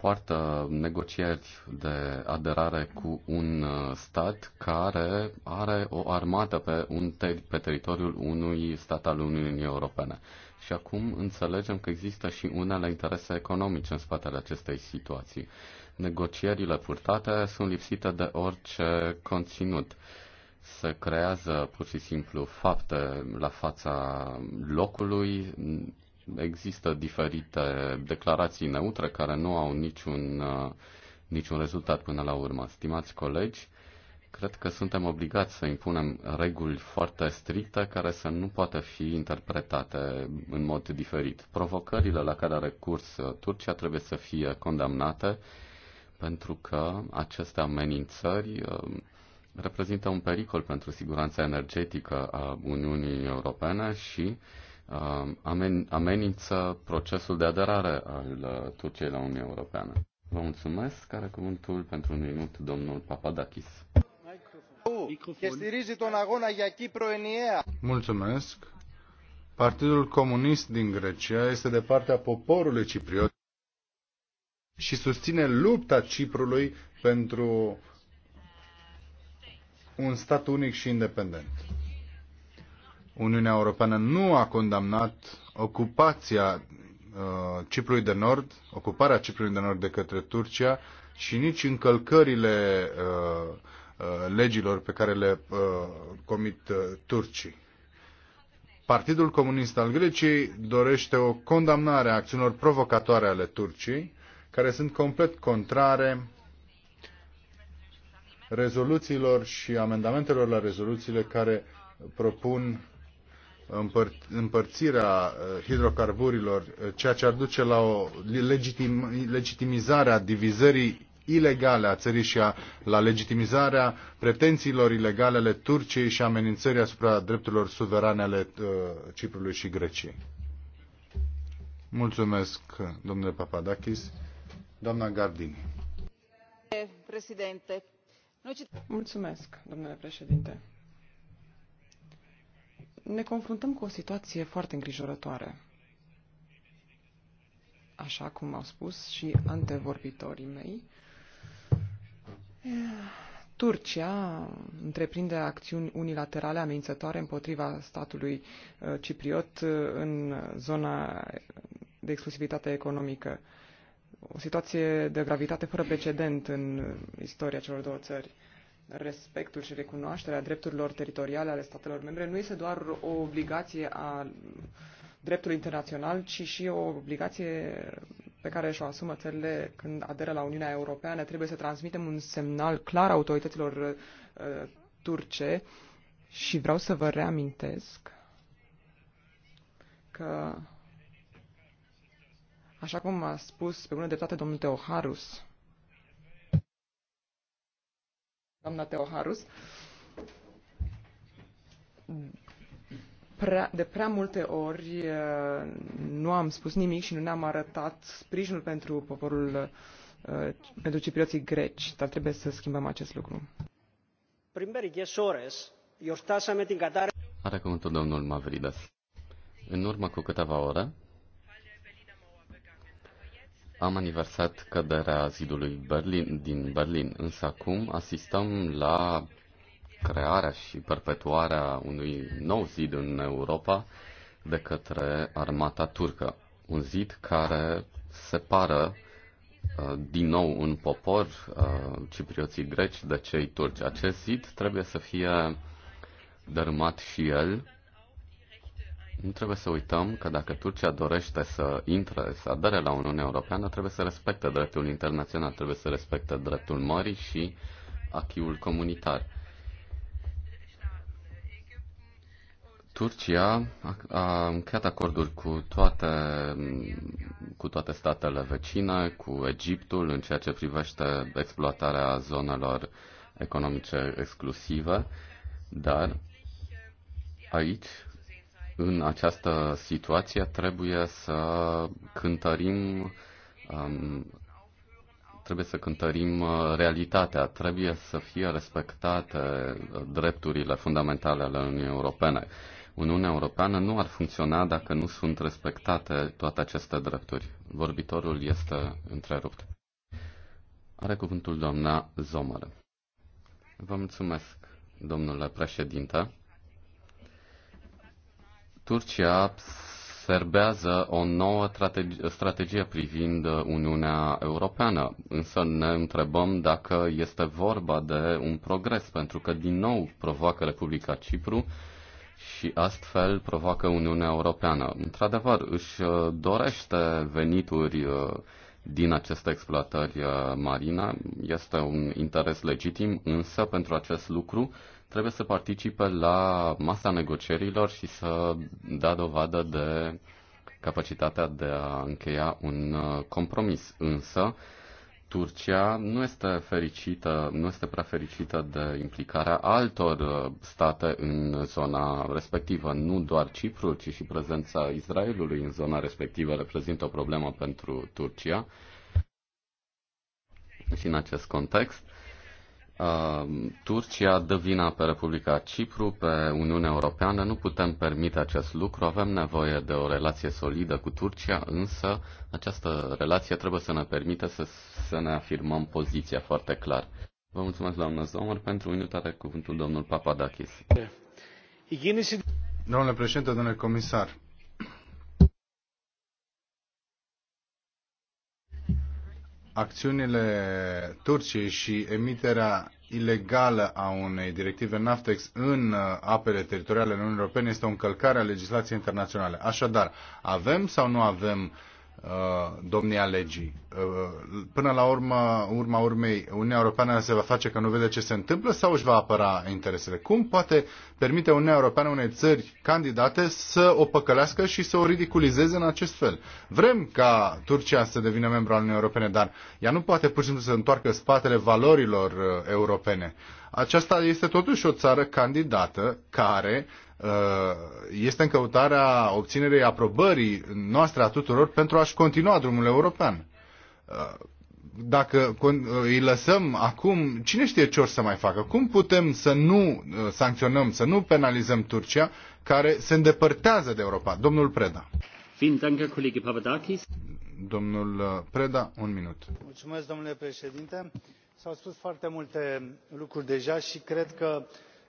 poartă negocieri de aderare cu un uh, stat care are o armată pe, un ter- pe teritoriul unui stat al Uniunii Europene. Și acum înțelegem că există și unele interese economice în spatele acestei situații. Negocierile purtate sunt lipsite de orice conținut se creează pur și simplu fapte la fața locului, există diferite declarații neutre care nu au niciun, uh, niciun rezultat până la urmă. Stimați colegi, cred că suntem obligați să impunem reguli foarte stricte care să nu poată fi interpretate în mod diferit. Provocările la care a recurs uh, Turcia trebuie să fie condamnate pentru că aceste amenințări uh, reprezintă un pericol pentru siguranța energetică a Uniunii Europene și uh, Um, amenință procesul de aderare al uh, Turciei la Uniunea Europeană. Vă mulțumesc. Care cuvântul pentru un minut, domnul Papadakis. Mulțumesc. Partidul Comunist din Grecia este de partea poporului cipriot și susține lupta Ciprului pentru un stat unic și independent. Uniunea Europeană nu a condamnat ocupația uh, Ciprului de Nord, ocuparea Ciprului de Nord de către Turcia și nici încălcările uh, uh, legilor pe care le uh, comit uh, turcii. Partidul Comunist al Greciei dorește o condamnare a acțiunilor provocatoare ale Turciei, care sunt complet contrare rezoluțiilor și amendamentelor la rezoluțiile care propun împărțirea uh, hidrocarburilor, uh, ceea ce ar duce la o legitim, legitimizare a divizării ilegale a țării și a, la legitimizarea pretențiilor ilegale ale Turciei și amenințării asupra drepturilor suverane ale uh, Ciprului și Greciei. Mulțumesc, domnule Papadakis. Doamna Gardini. Mulțumesc, domnule președinte ne confruntăm cu o situație foarte îngrijorătoare. Așa cum au spus și antevorbitorii mei, Turcia întreprinde acțiuni unilaterale amenințătoare împotriva statului uh, cipriot uh, în zona de exclusivitate economică. O situație de gravitate fără precedent în istoria celor două țări respectul și recunoașterea drepturilor teritoriale ale statelor membre nu este doar o obligație a dreptului internațional, ci și o obligație pe care și-o asumă țările când aderă la Uniunea Europeană. Trebuie să transmitem un semnal clar autorităților uh, turce și vreau să vă reamintesc că, așa cum a spus pe bună dreptate domnul Teoharus, doamna Teoharus. Prea, de prea multe ori uh, nu am spus nimic și nu ne-am arătat sprijinul pentru poporul, uh, pentru ciprioții greci, dar trebuie să schimbăm acest lucru. Are cuvântul domnul Mavridas. În urmă cu câteva ore, am aniversat căderea zidului Berlin, din Berlin, însă acum asistăm la crearea și perpetuarea unui nou zid în Europa de către armata turcă. Un zid care separă uh, din nou un popor, uh, ciprioții greci, de cei turci. Acest zid trebuie să fie dărâmat și el nu trebuie să uităm că dacă Turcia dorește să intre, să adere la Uniunea Europeană, trebuie să respecte dreptul internațional, trebuie să respecte dreptul mării și achiul comunitar. Turcia a încheiat acorduri cu toate, cu toate statele vecine, cu Egiptul, în ceea ce privește exploatarea zonelor economice exclusive, dar aici în această situație trebuie să cântărim um, trebuie să cântărim uh, realitatea, trebuie să fie respectate uh, drepturile fundamentale ale Uniunii Europene. Uniunea Europeană nu ar funcționa dacă nu sunt respectate toate aceste drepturi. Vorbitorul este întrerupt. Are cuvântul doamna Zomără. Vă mulțumesc, domnule președinte. Turcia serbează o nouă strategie privind Uniunea Europeană, însă ne întrebăm dacă este vorba de un progres, pentru că din nou provoacă Republica Cipru și astfel provoacă Uniunea Europeană. Într-adevăr, își uh, dorește venituri uh, din aceste exploatări uh, marine, este un interes legitim, însă pentru acest lucru trebuie să participe la masa negocierilor și să da dovadă de capacitatea de a încheia un uh, compromis. Însă, Turcia nu este fericită, nu este prea fericită de implicarea altor uh, state în zona respectivă, nu doar Cipru, ci și prezența Israelului în zona respectivă reprezintă o problemă pentru Turcia. Și în acest context, Ehm, Turcia dă vina pe Republica Cipru, pe Uniunea Europeană. Nu putem permite acest lucru. Avem nevoie de o relație solidă cu Turcia, însă această relație trebuie să ne permită să, să ne afirmăm poziția foarte clar. Vă mulțumesc, doamnă Zomăr, pentru unitate cuvântul domnul Papadakis. Domnule președinte, domnule comisar, acțiunile Turciei și emiterea ilegală a unei directive NAFTEX în uh, apele teritoriale ale Uniunii Europene este o încălcare a legislației internaționale. Așadar, avem sau nu avem Uh, domnia legii. Uh, uh, până la urmă, urma urmei, Uniunea Europeană se va face că nu vede ce se întâmplă sau își va apăra interesele? Cum poate permite Uniunea Europeană unei țări candidate să o păcălească și să o ridiculizeze în acest fel? Vrem ca Turcia să devină membru al Uniunii Europene, dar ea nu poate pur și simplu să întoarcă spatele valorilor europene. Aceasta este totuși o țară candidată care Uh, este în căutarea obținerei aprobării noastre a tuturor pentru a-și continua drumul european. Uh, dacă uh, îi lăsăm acum, cine știe ce or să mai facă? Cum putem să nu sancționăm, să nu penalizăm Turcia, care se îndepărtează de Europa? Domnul Preda. Domnul Preda, un minut. Mulțumesc, domnule președinte. S-au spus foarte multe lucruri deja și cred că uh,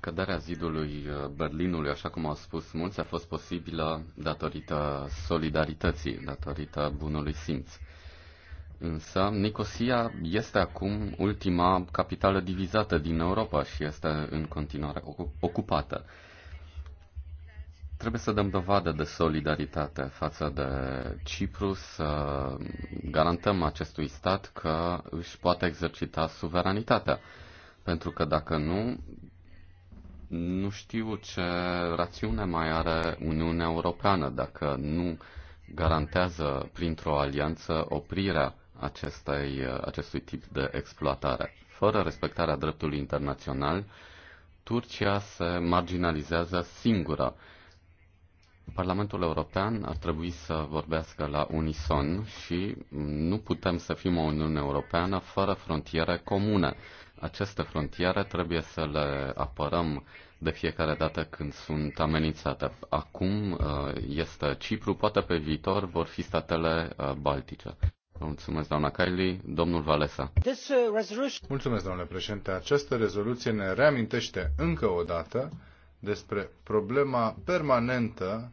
Căderea zidului uh, Berlinului, așa cum au spus mulți, a fost posibilă datorită solidarității, datorită bunului simț. Însă Nicosia este acum ultima capitală divizată din Europa și este în continuare ocupată. Trebuie să dăm dovadă de solidaritate față de Cipru, să garantăm acestui stat că își poate exercita suveranitatea. Pentru că dacă nu, nu știu ce rațiune mai are Uniunea Europeană dacă nu garantează printr-o alianță oprirea acestei, acestui tip de exploatare. Fără respectarea dreptului internațional, Turcia se marginalizează singură. Parlamentul European ar trebui să vorbească la unison și nu putem să fim o Uniune Europeană fără frontiere comune. Aceste frontiere trebuie să le apărăm de fiecare dată când sunt amenințate. Acum uh, este Cipru, poate pe viitor vor fi statele uh, baltice. Mulțumesc, doamna Kylie. Domnul Valesa. Uh, mulțumesc, domnule președinte. Această rezoluție ne reamintește încă o dată despre problema permanentă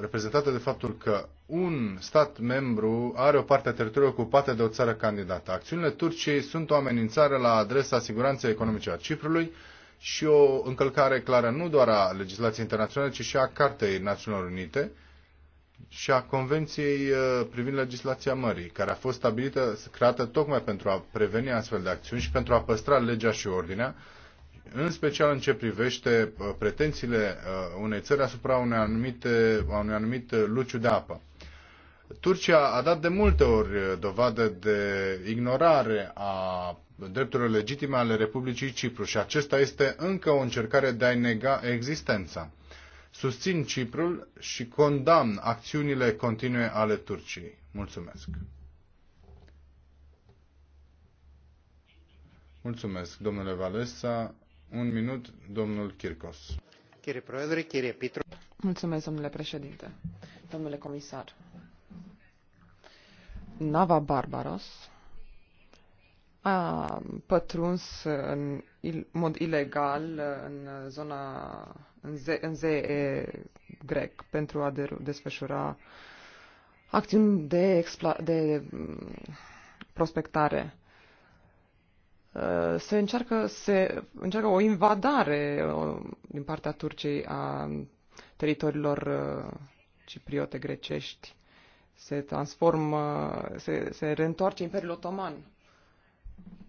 reprezentată de faptul că un stat membru are o parte a teritoriului ocupată de o țară candidată. Acțiunile Turciei sunt o amenințare la adresa siguranței economice a Ciprului și o încălcare clară nu doar a legislației internaționale, ci și a Cartei Națiunilor Unite și a Convenției uh, privind legislația mării, care a fost stabilită, creată tocmai pentru a preveni astfel de acțiuni și pentru a păstra legea și ordinea, în special în ce privește uh, pretențiile uh, unei țări asupra unei anumite, unui anumit luciu de apă. Turcia a dat de multe ori uh, dovadă de ignorare a drepturilor legitime ale Republicii Cipru și acesta este încă o încercare de a-i nega existența. Susțin Ciprul și condamn acțiunile continue ale Turciei. Mulțumesc. Mulțumesc, domnule Valesa. Un minut, domnul Kirkos. Mulțumesc, domnule președinte, domnule comisar. Nava Barbaros a pătruns în il, mod ilegal în zona în, ze, în ZE grec pentru a de, desfășura acțiuni de, expla, de mm, prospectare. Uh, se încearcă, se încearcă o invadare uh, din partea Turciei a teritoriilor uh, cipriote grecești se transformă, se, se reîntoarce Imperiul Otoman.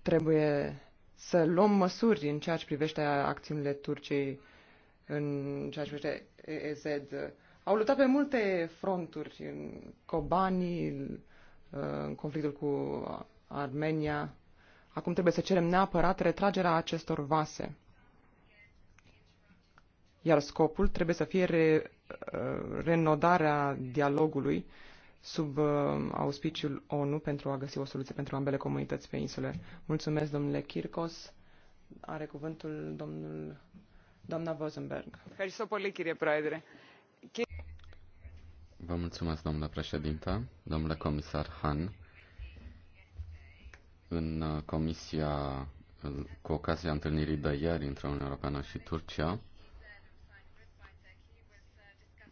Trebuie să luăm măsuri în ceea ce privește acțiunile Turciei, în ceea ce privește EZ. Au luptat pe multe fronturi, în Kobani, în conflictul cu Armenia. Acum trebuie să cerem neapărat retragerea acestor vase. Iar scopul trebuie să fie re, uh, renodarea dialogului sub uh, auspiciul ONU pentru a găsi o soluție pentru ambele comunități pe insule. Mulțumesc, domnule Kirkos. Are cuvântul domnul, doamna Vosenberg. Vă mulțumesc, domnule președinte, domnule comisar Han. În uh, comisia, uh, cu ocazia întâlnirii de ieri între Uniunea Europeană și Turcia,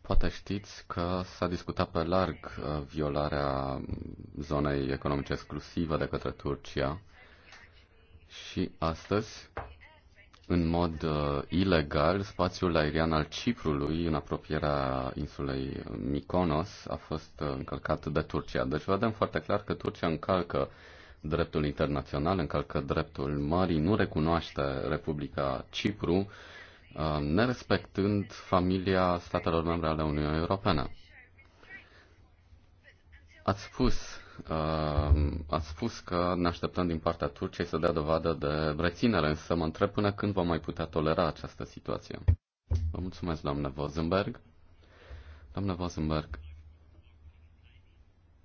Poate știți că s-a discutat pe larg uh, violarea zonei economice exclusive de către Turcia și astăzi, în mod uh, ilegal, spațiul aerian al Ciprului, în apropierea insulei Mykonos, a fost uh, încălcat de Turcia. Deci vedem foarte clar că Turcia încalcă dreptul internațional, încalcă dreptul mării, nu recunoaște Republica Cipru, Uh, nerespectând familia statelor membre ale Uniunii Europene. Ați spus, uh, ați spus că ne așteptăm din partea Turciei să dea dovadă de reținere, însă mă întreb până când vom mai putea tolera această situație. Vă mulțumesc, doamne Vozenberg. Doamne Vozenberg,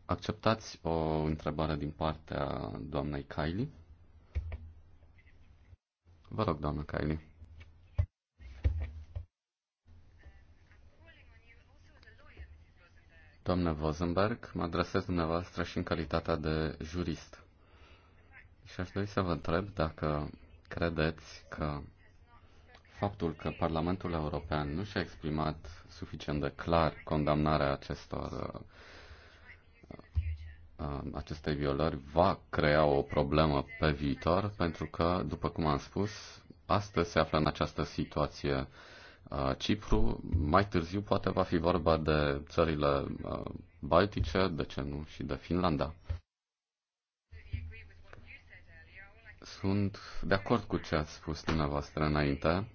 acceptați o întrebare din partea doamnei Kylie? Vă rog, doamnă Kylie. Doamna Vozenberg, mă adresez dumneavoastră și în calitatea de jurist. Și aș dori să vă întreb dacă credeți că faptul că Parlamentul European nu și-a exprimat suficient de clar condamnarea acestor uh, aceste violări va crea o problemă pe viitor, pentru că, după cum am spus, astăzi se află în această situație uh, Cipru, mai târziu poate va fi vorba de țările baltice, de ce nu și de Finlanda. Sunt de acord cu ce ați spus dumneavoastră înainte.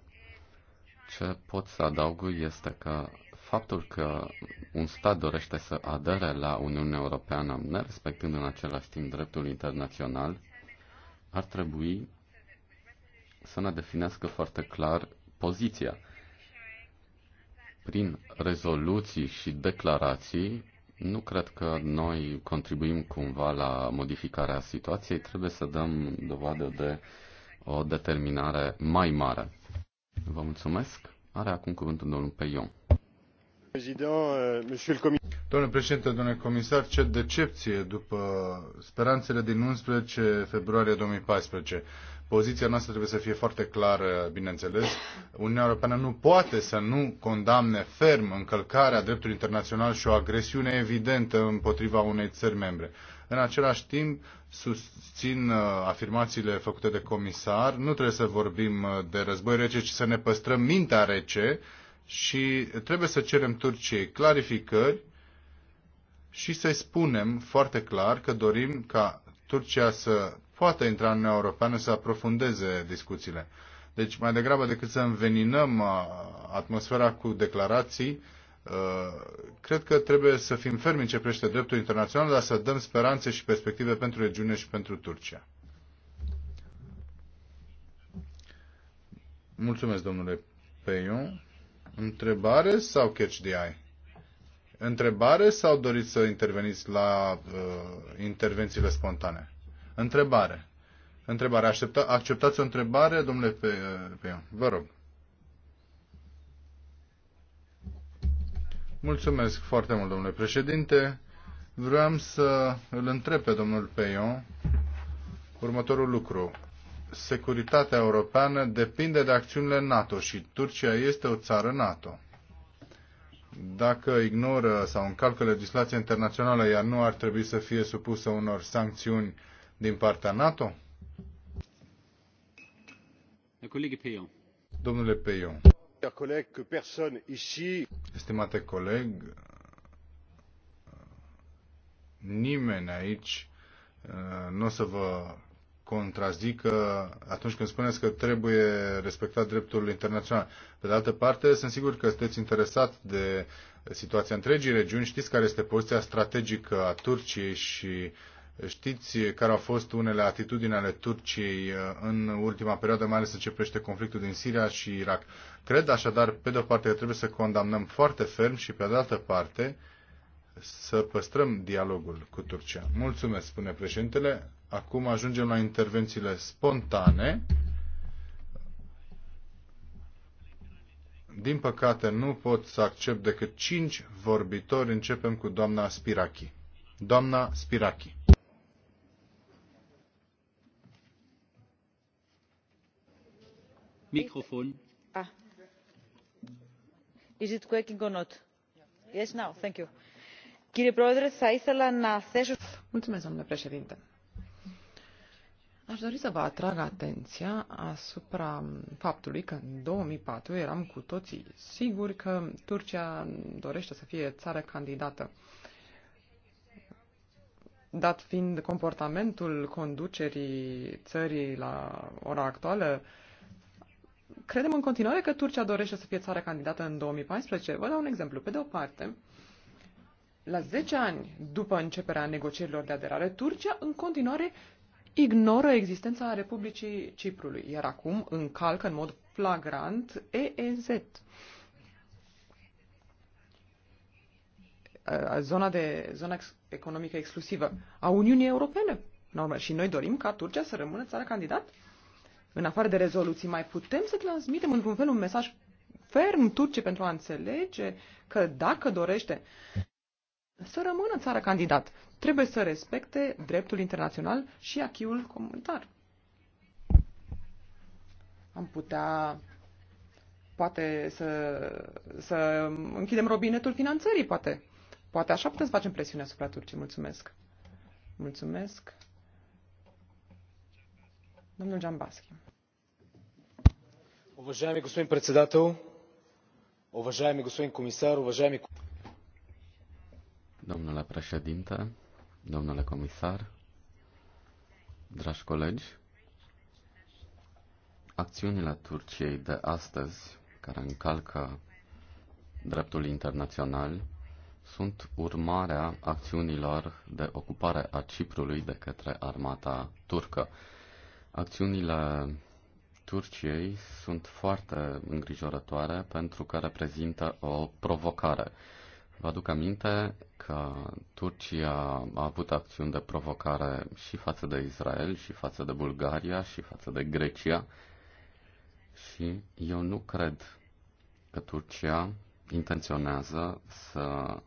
Ce pot să adaug este că faptul că un stat dorește să adere la Uniunea Europeană, nerespectând în același timp dreptul internațional, ar trebui să ne definească foarte clar poziția prin rezoluții și declarații, nu cred că noi contribuim cumva la modificarea situației. Trebuie să dăm dovadă de o determinare mai mare. Vă mulțumesc. Are acum cuvântul domnul Peion. Domnule președinte, domnule comisar, ce decepție după speranțele din 11 februarie 2014. Poziția noastră trebuie să fie foarte clară, bineînțeles. Uniunea Europeană nu poate să nu condamne ferm încălcarea dreptului internațional și o agresiune evidentă împotriva unei țări membre. În același timp, susțin uh, afirmațiile făcute de comisar. Nu trebuie să vorbim uh, de război rece, ci să ne păstrăm mintea rece și trebuie să cerem Turciei clarificări și să-i spunem foarte clar că dorim ca Turcia să poată intra în Uniunea Europeană să aprofundeze discuțiile. Deci, mai degrabă decât să înveninăm uh, atmosfera cu declarații, uh, cred că trebuie să fim fermi în ce prește dreptul internațional, dar să dăm speranțe și perspective pentru regiune și pentru Turcia. Mulțumesc, domnule Peiu. Întrebare sau catch the eye? Întrebare sau doriți să interveniți la uh, intervențiile spontane? Întrebare. Întrebare. Aștepta, acceptați o întrebare, domnule pe, pe Vă rog. Mulțumesc foarte mult, domnule președinte. Vreau să îl întreb pe domnul Peion următorul lucru. Securitatea europeană depinde de acțiunile NATO și Turcia este o țară NATO. Dacă ignoră sau încalcă legislația internațională, ea nu ar trebui să fie supusă unor sancțiuni din partea NATO? Domnule Peion. Estimate coleg, nimeni aici uh, nu o să vă contrazică atunci când spuneți că trebuie respectat dreptul internațional. Pe de altă parte, sunt sigur că sunteți interesat de situația întregii regiuni, știți care este poziția strategică a Turciei și Știți care au fost unele atitudini ale Turciei uh, în ultima perioadă, mai ales începește conflictul din Siria și Irak. Cred așadar, pe de-o parte, că trebuie să condamnăm foarte ferm și, pe de altă parte, să păstrăm dialogul cu Turcia. Mulțumesc, spune președintele. Acum ajungem la intervențiile spontane. Din păcate, nu pot să accept decât cinci vorbitori. Începem cu doamna Spirachi. Doamna Spirachi. Microfon. Ah. Mulțumesc, domnule președinte. Aș dori să vă atrag atenția asupra faptului că în 2004 eram cu toții siguri că Turcia dorește să fie țară candidată. Dat fiind comportamentul conducerii țării la ora actuală, credem în continuare că Turcia dorește să fie țara candidată în 2014. Vă dau un exemplu. Pe de o parte, la 10 ani după începerea negocierilor de aderare, Turcia în continuare ignoră existența Republicii Ciprului, iar acum încalcă în mod flagrant EEZ. Zona, de, zona economică exclusivă a Uniunii Europene. Normal. Și noi dorim ca Turcia să rămână țara candidat în afară de rezoluții, mai putem să transmitem într-un fel un mesaj ferm Turcii pentru a înțelege că dacă dorește să rămână țară candidat, trebuie să respecte dreptul internațional și achiul comunitar. Am putea poate să, să închidem robinetul finanțării, poate. Poate așa putem să facem presiune asupra Turciei. Mulțumesc. Mulțumesc. Domnul Giambaschi. Уважаеми господин председател, уважаеми господин комисар, уважаеми... Domnule președinte, domnule comisar, dragi colegi, acțiunile Turciei de astăzi, care încalcă dreptul internațional, sunt urmarea acțiunilor de ocupare a Ciprului de către armata turcă. Acțiunile Turciei sunt foarte îngrijorătoare pentru că reprezintă o provocare. Vă aduc aminte că Turcia a avut acțiuni de provocare și față de Israel, și față de Bulgaria, și față de Grecia. Și eu nu cred că Turcia intenționează să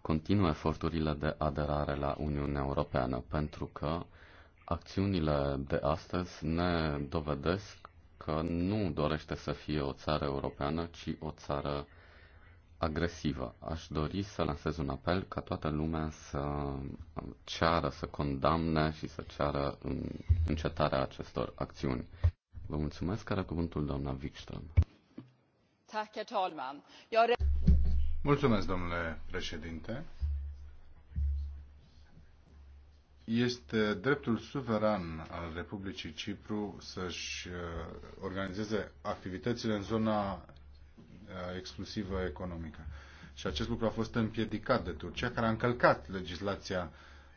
continue eforturile de aderare la Uniunea Europeană, pentru că Acțiunile de astăzi ne dovedesc că nu dorește să fie o țară europeană, ci o țară agresivă. Aș dori să lansez un apel ca toată lumea să ceară, să condamne și să ceară încetarea acestor acțiuni. Vă mulțumesc, care cuvântul doamna Wikström. Mulțumesc, domnule președinte. este dreptul suveran al Republicii Cipru să-și uh, organizeze activitățile în zona uh, exclusivă economică. Și acest lucru a fost împiedicat de Turcia, care a încălcat legislația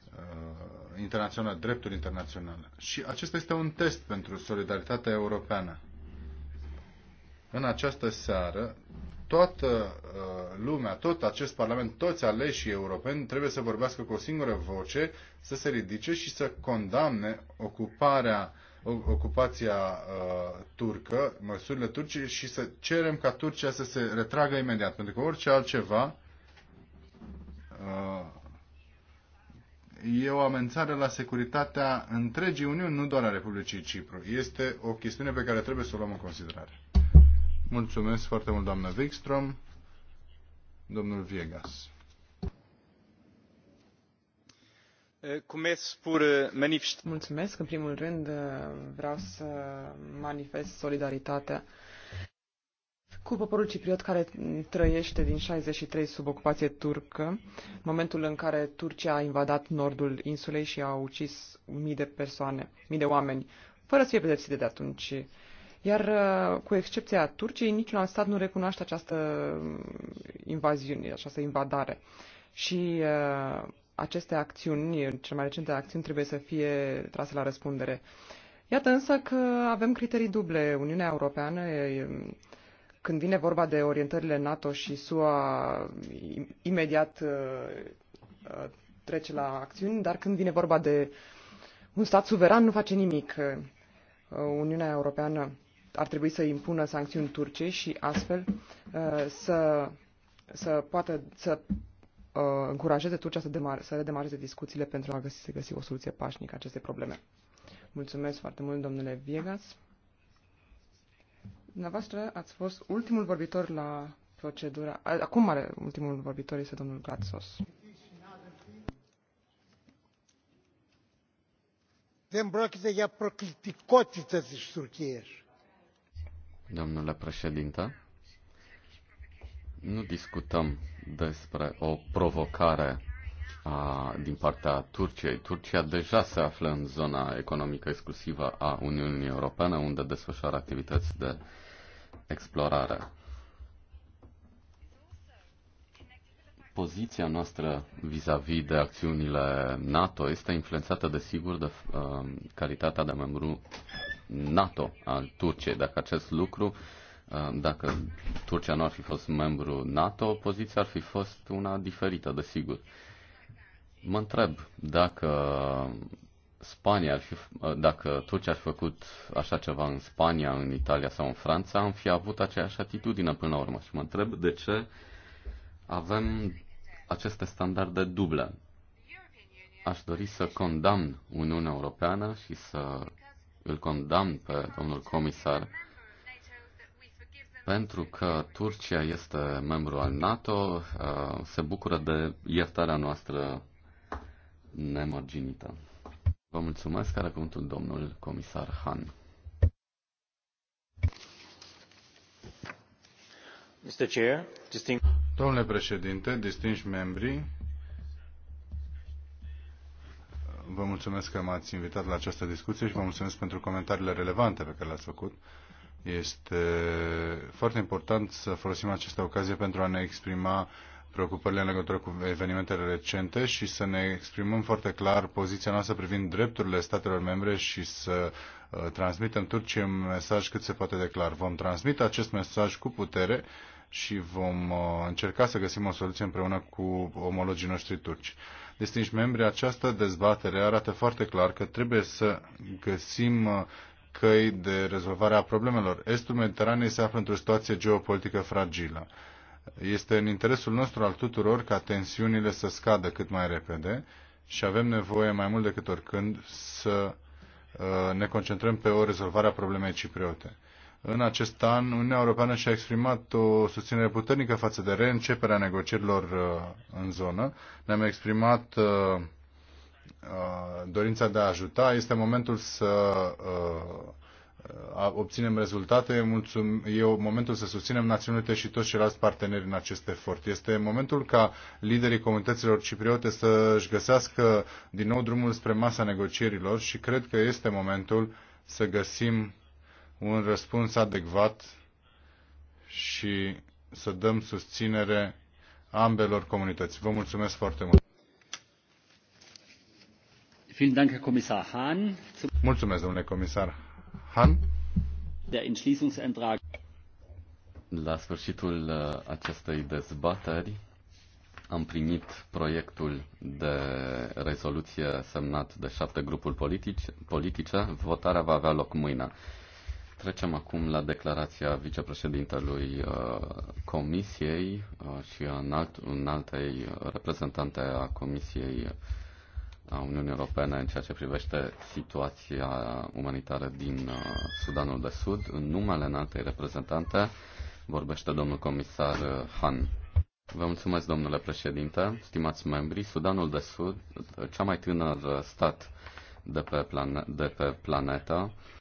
uh, internațională, dreptul internațional. Și acesta este un test pentru solidaritatea europeană. În această seară, toată uh, lumea, tot acest Parlament, toți aleșii europeni trebuie să vorbească cu o singură voce, să se ridice și să condamne ocuparea, ocupația uh, turcă, măsurile turcii și să cerem ca Turcia să se retragă imediat. Pentru că orice altceva uh, e o amenințare la securitatea întregii Uniuni, nu doar a Republicii Cipru. Este o chestiune pe care trebuie să o luăm în considerare. Mulțumesc foarte mult, doamnă Wikström. Domnul Viegas. Uh, Mulțumesc. În primul rând uh, vreau să manifest solidaritatea cu poporul cipriot care trăiește din 63 sub ocupație turcă, momentul în care Turcia a invadat nordul insulei și a ucis mii de persoane, mii de oameni, fără să fie pedepsite de atunci. Iar uh, cu excepția Turciei, niciun alt stat nu recunoaște această um, invaziune, această invadare. Și uh, aceste acțiuni, cele mai recente acțiuni, trebuie să fie trase la răspundere. Iată însă că avem criterii duble. Uniunea Europeană, um, când vine vorba de orientările NATO și SUA, imediat uh, uh, trece la acțiuni, dar când vine vorba de un stat suveran, nu face nimic. Uh, Uniunea Europeană ar trebui să impună sancțiuni turce și astfel uh, să, să poată să uh, încurajeze Turcia să, demar, să demareze discuțiile pentru a găsi, să găsi o soluție pașnică aceste probleme. Mulțumesc foarte mult, domnule Viegas. Dumneavoastră ați fost ultimul vorbitor la procedura. Acum are ultimul vorbitor este domnul Glatsos. Δεν πρόκειται για προκλητικότητα της Τουρκίας domnule președinte. Nu discutăm despre o provocare a, din partea Turciei. Turcia deja se află în zona economică exclusivă a Uniunii Europene, unde desfășoară activități de explorare. Poziția noastră vis-a-vis -vis de acțiunile NATO este influențată, desigur, de uh, calitatea de membru NATO al Turciei. Dacă acest lucru, dacă Turcia nu ar fi fost membru NATO, poziția ar fi fost una diferită, desigur. Mă întreb dacă Spania ar fi, dacă Turcia ar fi făcut așa ceva în Spania, în Italia sau în Franța, am fi avut aceeași atitudine până la urmă. Și mă întreb de ce avem aceste standarde duble. Aș dori să condamn Uniunea Europeană și să îl condamn pe domnul comisar pentru că Turcia este membru al NATO, uh, se bucură de iertarea noastră nemărginită. Vă mulțumesc, care cuvântul domnul comisar Han. Mr. Chair, distinct... Domnule președinte, distinși membri, Vă mulțumesc că m-ați invitat la această discuție și vă mulțumesc pentru comentariile relevante pe care le-ați făcut. Este foarte important să folosim această ocazie pentru a ne exprima preocupările în legătură cu evenimentele recente și să ne exprimăm foarte clar poziția noastră privind drepturile statelor membre și să uh, transmitem Turciei un mesaj cât se poate de clar. Vom transmite acest mesaj cu putere și vom uh, încerca să găsim o soluție împreună cu omologii noștri turci distinși membri, această dezbatere arată foarte clar că trebuie să găsim uh, căi de rezolvare a problemelor. Estul Mediteranei se află într-o situație geopolitică fragilă. Este în interesul nostru al tuturor ca tensiunile să scadă cât mai repede și avem nevoie mai mult decât oricând să uh, ne concentrăm pe o rezolvare a problemei cipriote. În acest an, Uniunea Europeană și-a exprimat o susținere puternică față de reînceperea negocierilor uh, în zonă. Ne-am exprimat uh, uh, dorința de a ajuta. Este momentul să obținem rezultate. Mulțum, e momentul să susținem Națiunile și toți ceilalți parteneri în acest efort. Este momentul ca liderii comunităților cipriote să-și găsească din nou drumul spre masa negocierilor și cred că este momentul să găsim un răspuns adecvat și să dăm susținere ambelor comunități. Vă mulțumesc foarte mult! Mulțumesc, domnule comisar Hahn. La sfârșitul uh, acestei dezbateri am primit proiectul de rezoluție semnat de șapte grupuri politici, politice. Votarea va avea loc mâine. Trecem acum la declarația vicepreședintelui uh, Comisiei uh, și a înalt, înaltei reprezentante a Comisiei a Uniunii Europene în ceea ce privește situația umanitară din uh, Sudanul de Sud. În numele înaltei reprezentante vorbește domnul comisar Han. Vă mulțumesc, domnule președinte, stimați membri. Sudanul de Sud, cea mai tânăr stat de pe, plane- de pe planetă,